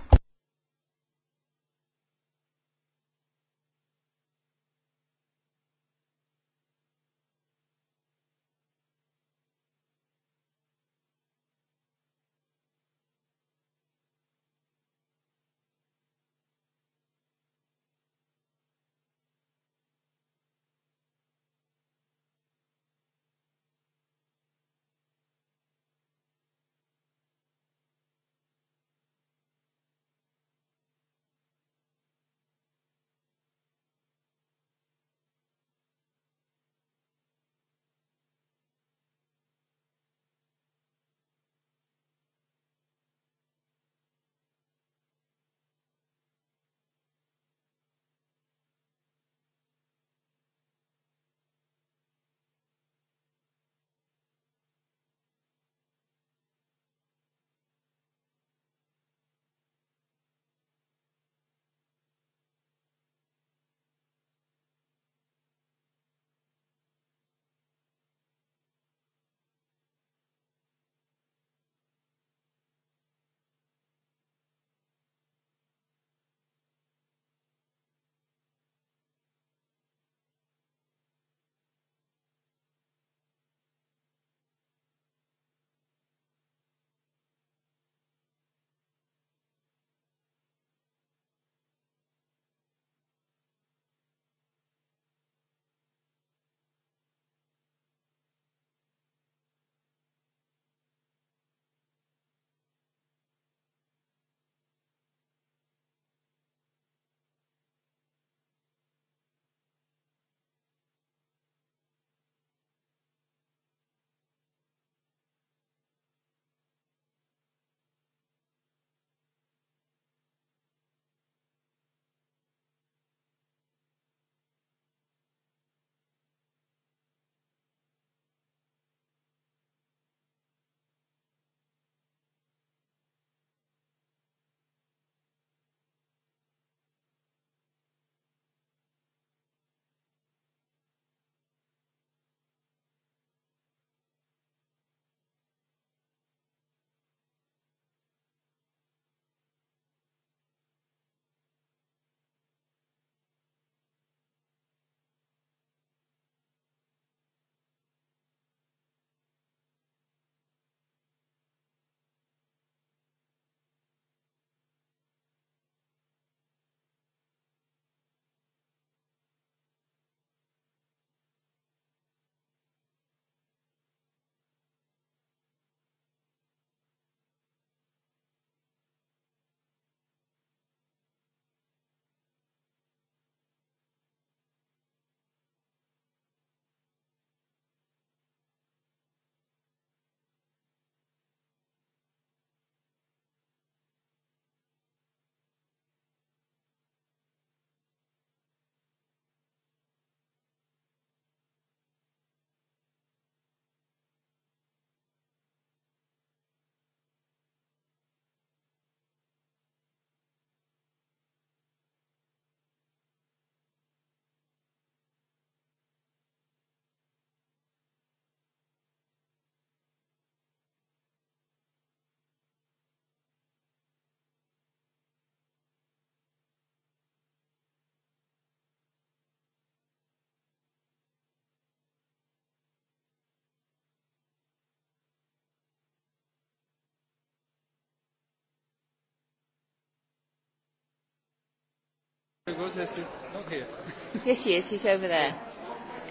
Yes, he is. He's over there.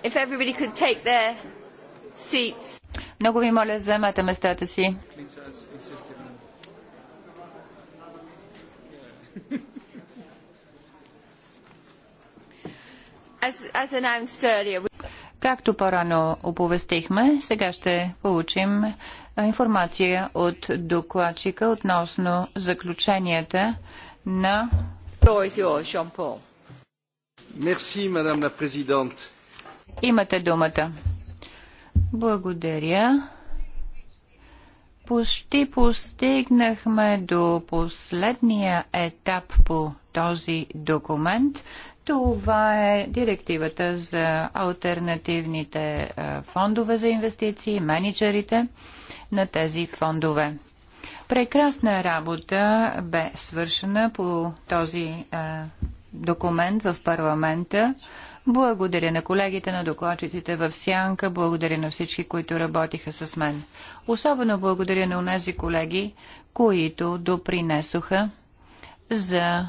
If everybody could take their seats. Много ви моля, вземете местата си. As, as earlier, we... Както по-рано оповестихме, сега ще получим информация от докладчика относно заключенията на Имате думата. Благодаря. Почти постигнахме до последния етап по този документ. Това е директивата за альтернативните фондове за инвестиции, менеджерите на тези фондове. Прекрасна работа бе свършена по този е, документ в парламента. Благодаря на колегите, на докладчиците в Сянка, благодаря на всички, които работиха с мен. Особено благодаря на тези колеги, които допринесоха за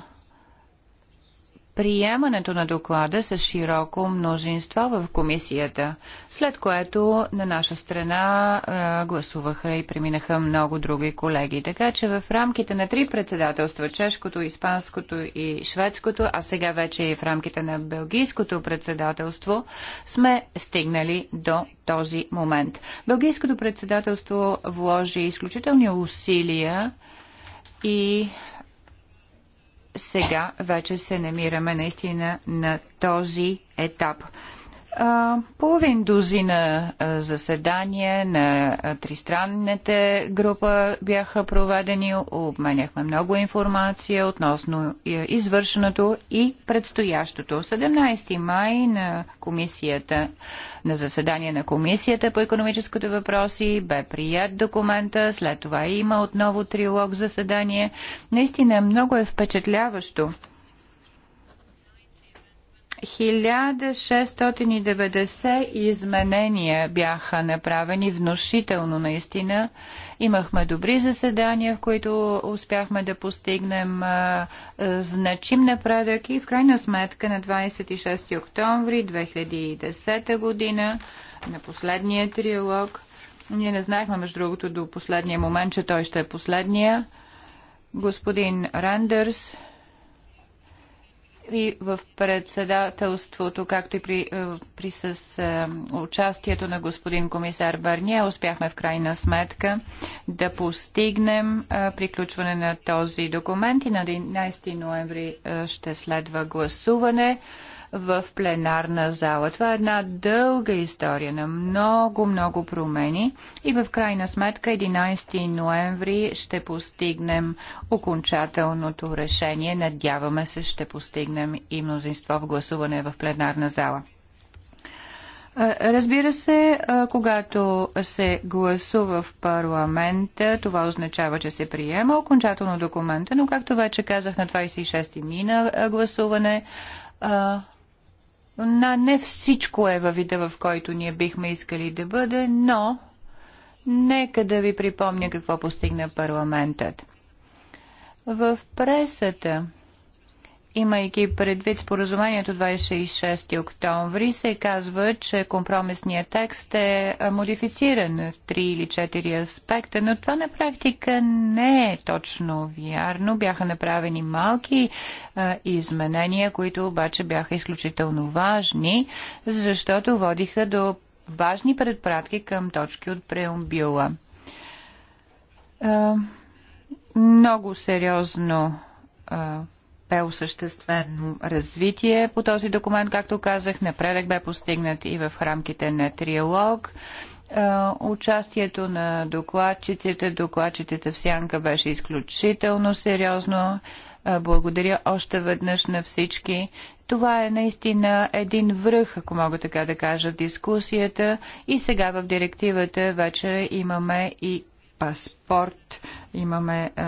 приемането на доклада с широко мнозинство в комисията, след което на наша страна гласуваха и преминаха много други колеги. Така че в рамките на три председателства, чешкото, испанското и шведското, а сега вече и в рамките на белгийското председателство, сме стигнали до този момент. Белгийското председателство вложи изключителни усилия и сега вече се намираме наистина на този етап. Половин дозина заседания на тристранните група бяха проведени. Обменяхме много информация относно извършеното и предстоящото. 17 май на комисията на заседание на комисията по економическите въпроси бе прият документа, след това има отново трилог заседание. Наистина много е впечатляващо 1690 изменения бяха направени внушително наистина. Имахме добри заседания, в които успяхме да постигнем а, а, значим напредък и в крайна сметка на 26 октомври 2010 година на последния триалог. Ние не знаехме, между другото, до последния момент, че той ще е последния. Господин Рандърс и в председателството, както и при, е, при с е, участието на господин комисар Барния, успяхме в крайна сметка да постигнем е, приключване на този документ и на 11 ноември ще следва гласуване в пленарна зала. Това е една дълга история на много, много промени и в крайна сметка 11 ноември ще постигнем окончателното решение. Надяваме се, ще постигнем и мнозинство в гласуване в пленарна зала. Разбира се, когато се гласува в парламента, това означава, че се приема окончателно документа, но както вече казах на 26-ти мина гласуване, на не всичко е във вида, в който ние бихме искали да бъде, но нека да ви припомня какво постигна парламентът. В пресата имайки предвид споразумението 26 октомври, се казва, че компромисният текст е модифициран в три или четири аспекта, но това на практика не е точно вярно. Бяха направени малки а, изменения, които обаче бяха изключително важни, защото водиха до важни предпратки към точки от преумбюла. А, много сериозно а, бе осъществено развитие по този документ, както казах. Напредък бе постигнат и в рамките на триалог. Е, участието на докладчиците, докладчиците в Сянка беше изключително сериозно. Е, благодаря още веднъж на всички. Това е наистина един връх, ако мога така да кажа, в дискусията. И сега в директивата вече имаме и паспорт. Имаме е,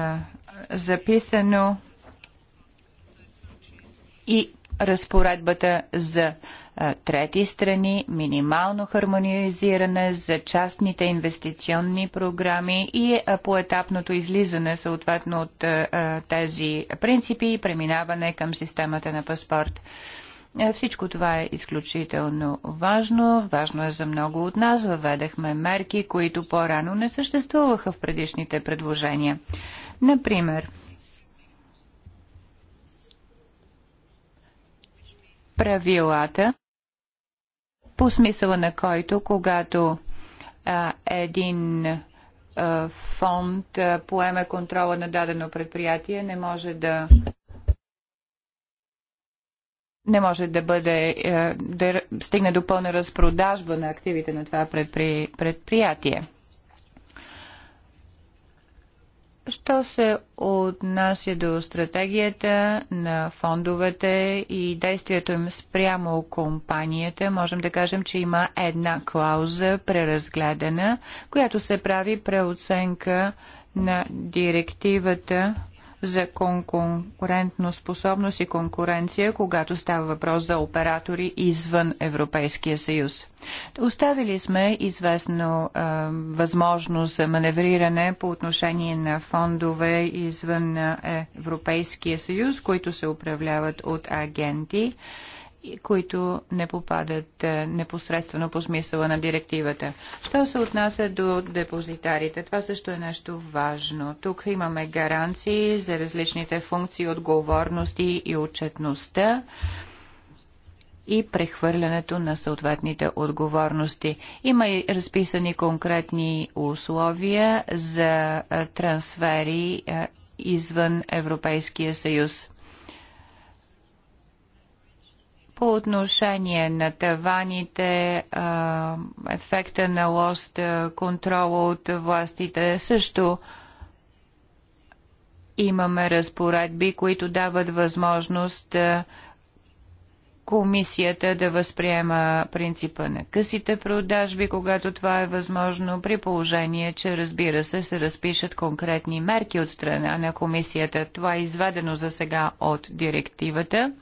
записано и разпоредбата за трети страни, минимално хармонизиране за частните инвестиционни програми и поетапното излизане съответно от тези принципи и преминаване към системата на паспорт. Всичко това е изключително важно. Важно е за много от нас. Въведахме мерки, които по-рано не съществуваха в предишните предложения. Например, правилата, по смисъла на който, когато а, един а, фонд а, поеме контрола на дадено предприятие, не може да не може да бъде, да стигне до пълна разпродажба на активите на това предприятие. Що се отнася до стратегията на фондовете и действието им спрямо компанията, можем да кажем, че има една клауза преразгледана, която се прави преоценка на директивата за конкурентно способност и конкуренция, когато става въпрос за оператори извън Европейския съюз. Оставили сме известно е, възможност за маневриране по отношение на фондове извън Европейския съюз, които се управляват от агенти които не попадат е, непосредствено по смисъла на директивата. Що се отнася до депозитарите? Това също е нещо важно. Тук имаме гаранции за различните функции, отговорности и отчетността и прехвърлянето на съответните отговорности. Има и разписани конкретни условия за е, трансфери е, извън Европейския съюз. По отношение на таваните, ефекта на лост, контрола от властите също имаме разпоредби, които дават възможност комисията да възприема принципа на късите продажби, когато това е възможно, при положение, че разбира се, се разпишат конкретни мерки от страна на комисията. Това е изведено за сега от директивата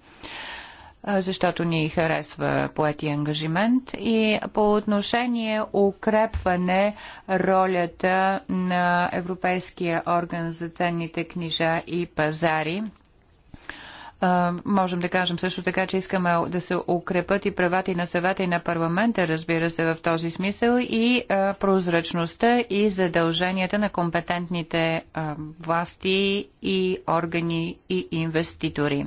защото ни харесва поети ангажимент и по отношение укрепване ролята на Европейския орган за ценните книжа и пазари. Можем да кажем също така, че искаме да се укрепат и правата и на съвета и на парламента, разбира се, в този смисъл и прозрачността и задълженията на компетентните власти и органи и инвеститори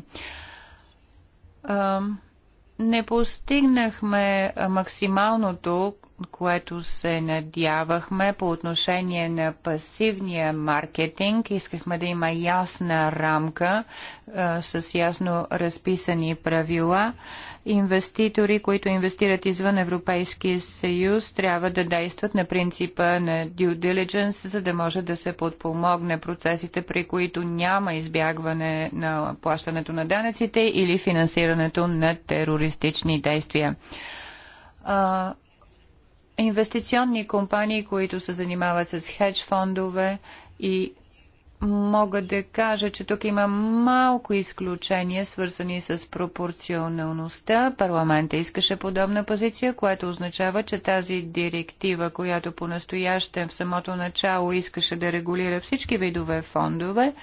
не постигнахме максималното, което се надявахме по отношение на пасивния маркетинг. Искахме да има ясна рамка а, с ясно разписани правила. А, инвеститори, които инвестират извън Европейския съюз, трябва да действат на принципа на due diligence, за да може да се подпомогне процесите, при които няма избягване на плащането на данъците или финансирането на терористични действия инвестиционни компании, които се занимават с хедж фондове и мога да кажа, че тук има малко изключения, свързани с пропорционалността. Парламента искаше подобна позиция, което означава, че тази директива, която по-настояще в самото начало искаше да регулира всички видове фондове,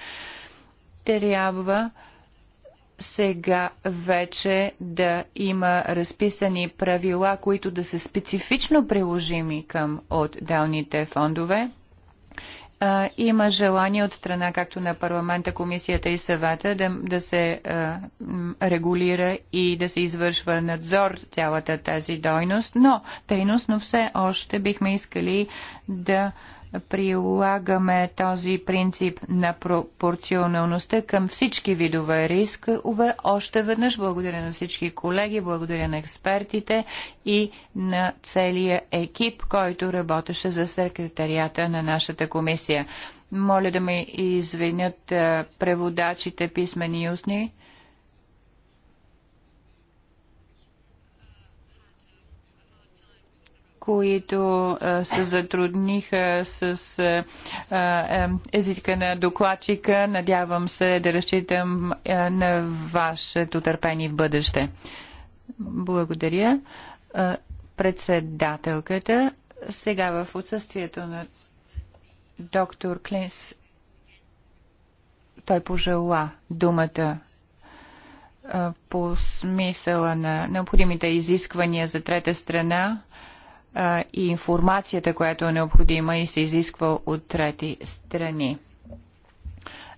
трябва сега вече да има разписани правила, които да са специфично приложими към отделните фондове има желание от страна както на парламента, комисията и съвета да, да се а, регулира и да се извършва надзор цялата тази дойност, но, дейност, но все още бихме искали да а, прилагаме този принцип на пропорционалността към всички видове рискове. Още веднъж благодаря на всички колеги, благодаря на експертите и на целия екип, който работеше за секретарията на нашата комисия. Моля да ме извинят преводачите писмени и устни. които а, се затрудниха с а, езика на докладчика. Надявам се да разчитам на вашето търпение в бъдеще. Благодаря. Председателката сега в отсъствието на доктор Клинс той пожела думата по смисъла на необходимите изисквания за трета страна а, и информацията, която е необходима и се изисква от трети страни.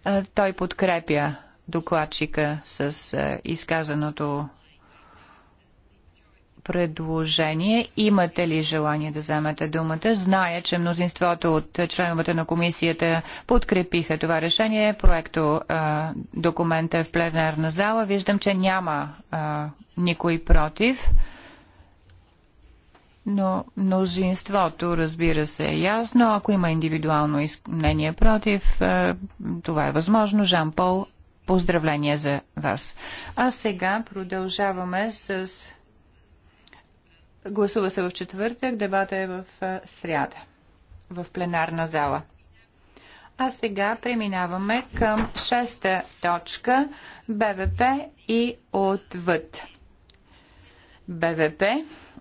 А, той подкрепя докладчика с а, изказаното предложение. Имате ли желание да вземете думата? Зная, че мнозинството от членовете на комисията подкрепиха това решение. Проекто а, документа е в пленарна зала. Виждам, че няма а, никой против но мнозинството, разбира се, е ясно. Ако има индивидуално мнение против, е, това е възможно. Жан Пол, поздравления за вас. А сега продължаваме с... Гласува се в четвъртък, дебата е в е, сряда, в пленарна зала. А сега преминаваме към шеста точка БВП и отвъд. БВП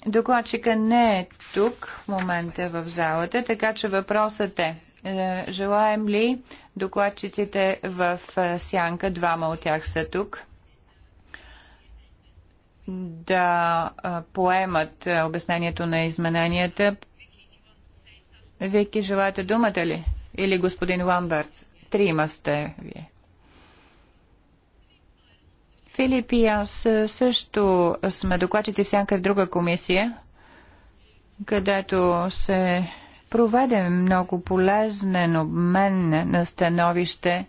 Докладчика не е тук в момента в залата, така че въпросът е, е желаем ли докладчиците в е, сянка, двама от тях са тук, да е, поемат обяснението на измененията. Вики, желаете думата ли? Или господин Ламберт? Трима сте вие. Филип и аз също сме докладчици в всяка друга комисия, където се проведе много полезен обмен на становище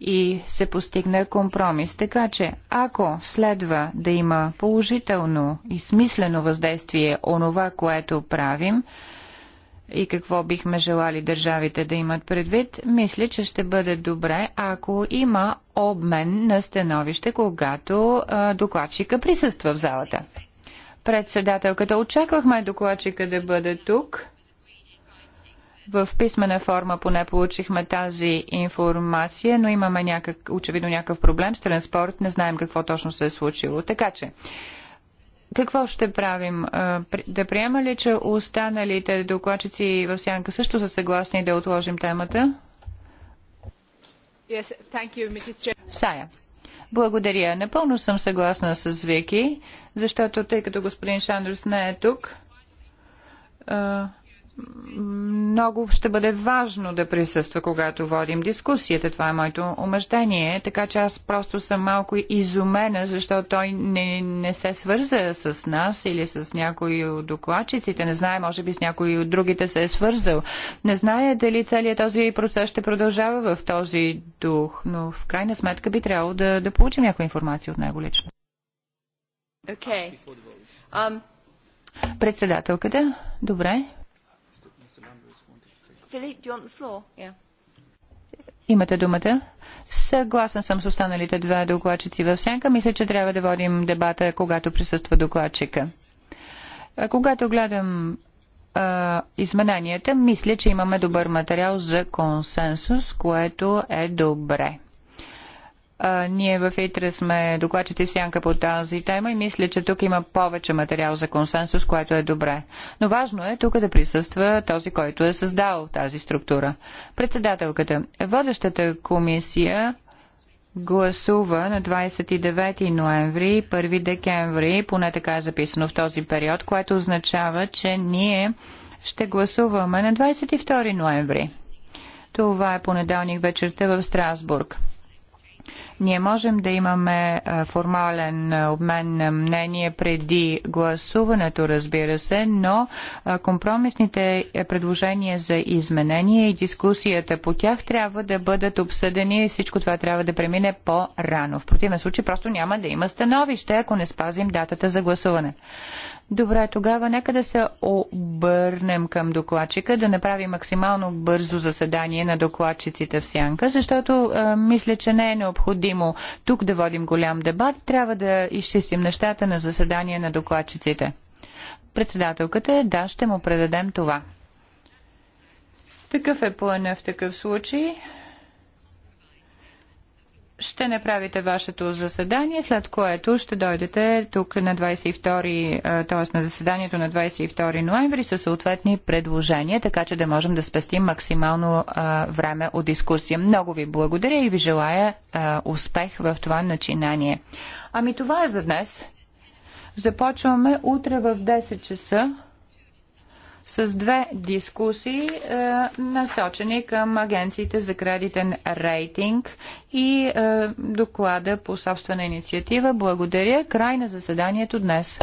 и се постигна компромис. Така че, ако следва да има положително и смислено въздействие онова, което правим, и какво бихме желали държавите да имат предвид, мисля, че ще бъде добре, ако има обмен на становище, когато а, докладчика присъства в залата. Председателката, очаквахме докладчика да бъде тук. В писмена форма поне получихме тази информация, но имаме някак, очевидно някакъв проблем с транспорт. Не знаем какво точно се е случило. Така че, какво ще правим? Да приема ли, че останалите докладчици в Сянка също са съгласни да отложим темата? Yes, you, Сая. Благодаря. Напълно съм съгласна с Вики, защото тъй като господин Шандърс не е тук, много ще бъде важно да присъства, когато водим дискусията. Това е моето умъждение. Така че аз просто съм малко изумена, защото той не, не се свърза с нас или с някои от докладчиците. Не знае, може би с някои от другите се е свързал. Не знае дали целият този процес ще продължава в този дух, но в крайна сметка би трябвало да, да получим някаква информация от него лично. Okay. Um... Председателката, добре. Имате думата. Съгласен съм с останалите два докладчици в сянка. Мисля, че трябва да водим дебата, когато присъства докладчика. Когато гледам а, измененията, мисля, че имаме добър материал за консенсус, което е добре ние в ИТРА сме докладчици в сянка по тази тема и мисля, че тук има повече материал за консенсус, което е добре. Но важно е тук да присъства този, който е създал тази структура. Председателката, водещата комисия гласува на 29 ноември 1 декември, поне така е записано в този период, което означава, че ние ще гласуваме на 22 ноември. Това е понеделник вечерта в Страсбург. Ние можем да имаме формален обмен на мнение преди гласуването, разбира се, но компромисните е, предложения за изменение и дискусията по тях трябва да бъдат обсъдени и всичко това трябва да премине по-рано. В противен случай просто няма да има становище, ако не спазим датата за гласуване. Добре, тогава нека да се обърнем към докладчика, да направи максимално бързо заседание на докладчиците в Сянка, защото а, мисля, че не е необходимо тук да водим голям дебат. Трябва да изчистим нещата на заседание на докладчиците. Председателката е, да, ще му предадем това. Такъв е плана в такъв случай ще направите вашето заседание, след което ще дойдете тук на 22, е, т.е. на заседанието на 22 ноември със съответни предложения, така че да можем да спестим максимално а, е, време от дискусия. Много ви благодаря и ви желая а, е, успех в това начинание. Ами това е за днес. Започваме утре в 10 часа с две дискусии, е, насочени към агенциите за кредитен рейтинг и е, доклада по собствена инициатива. Благодаря. Край на заседанието днес.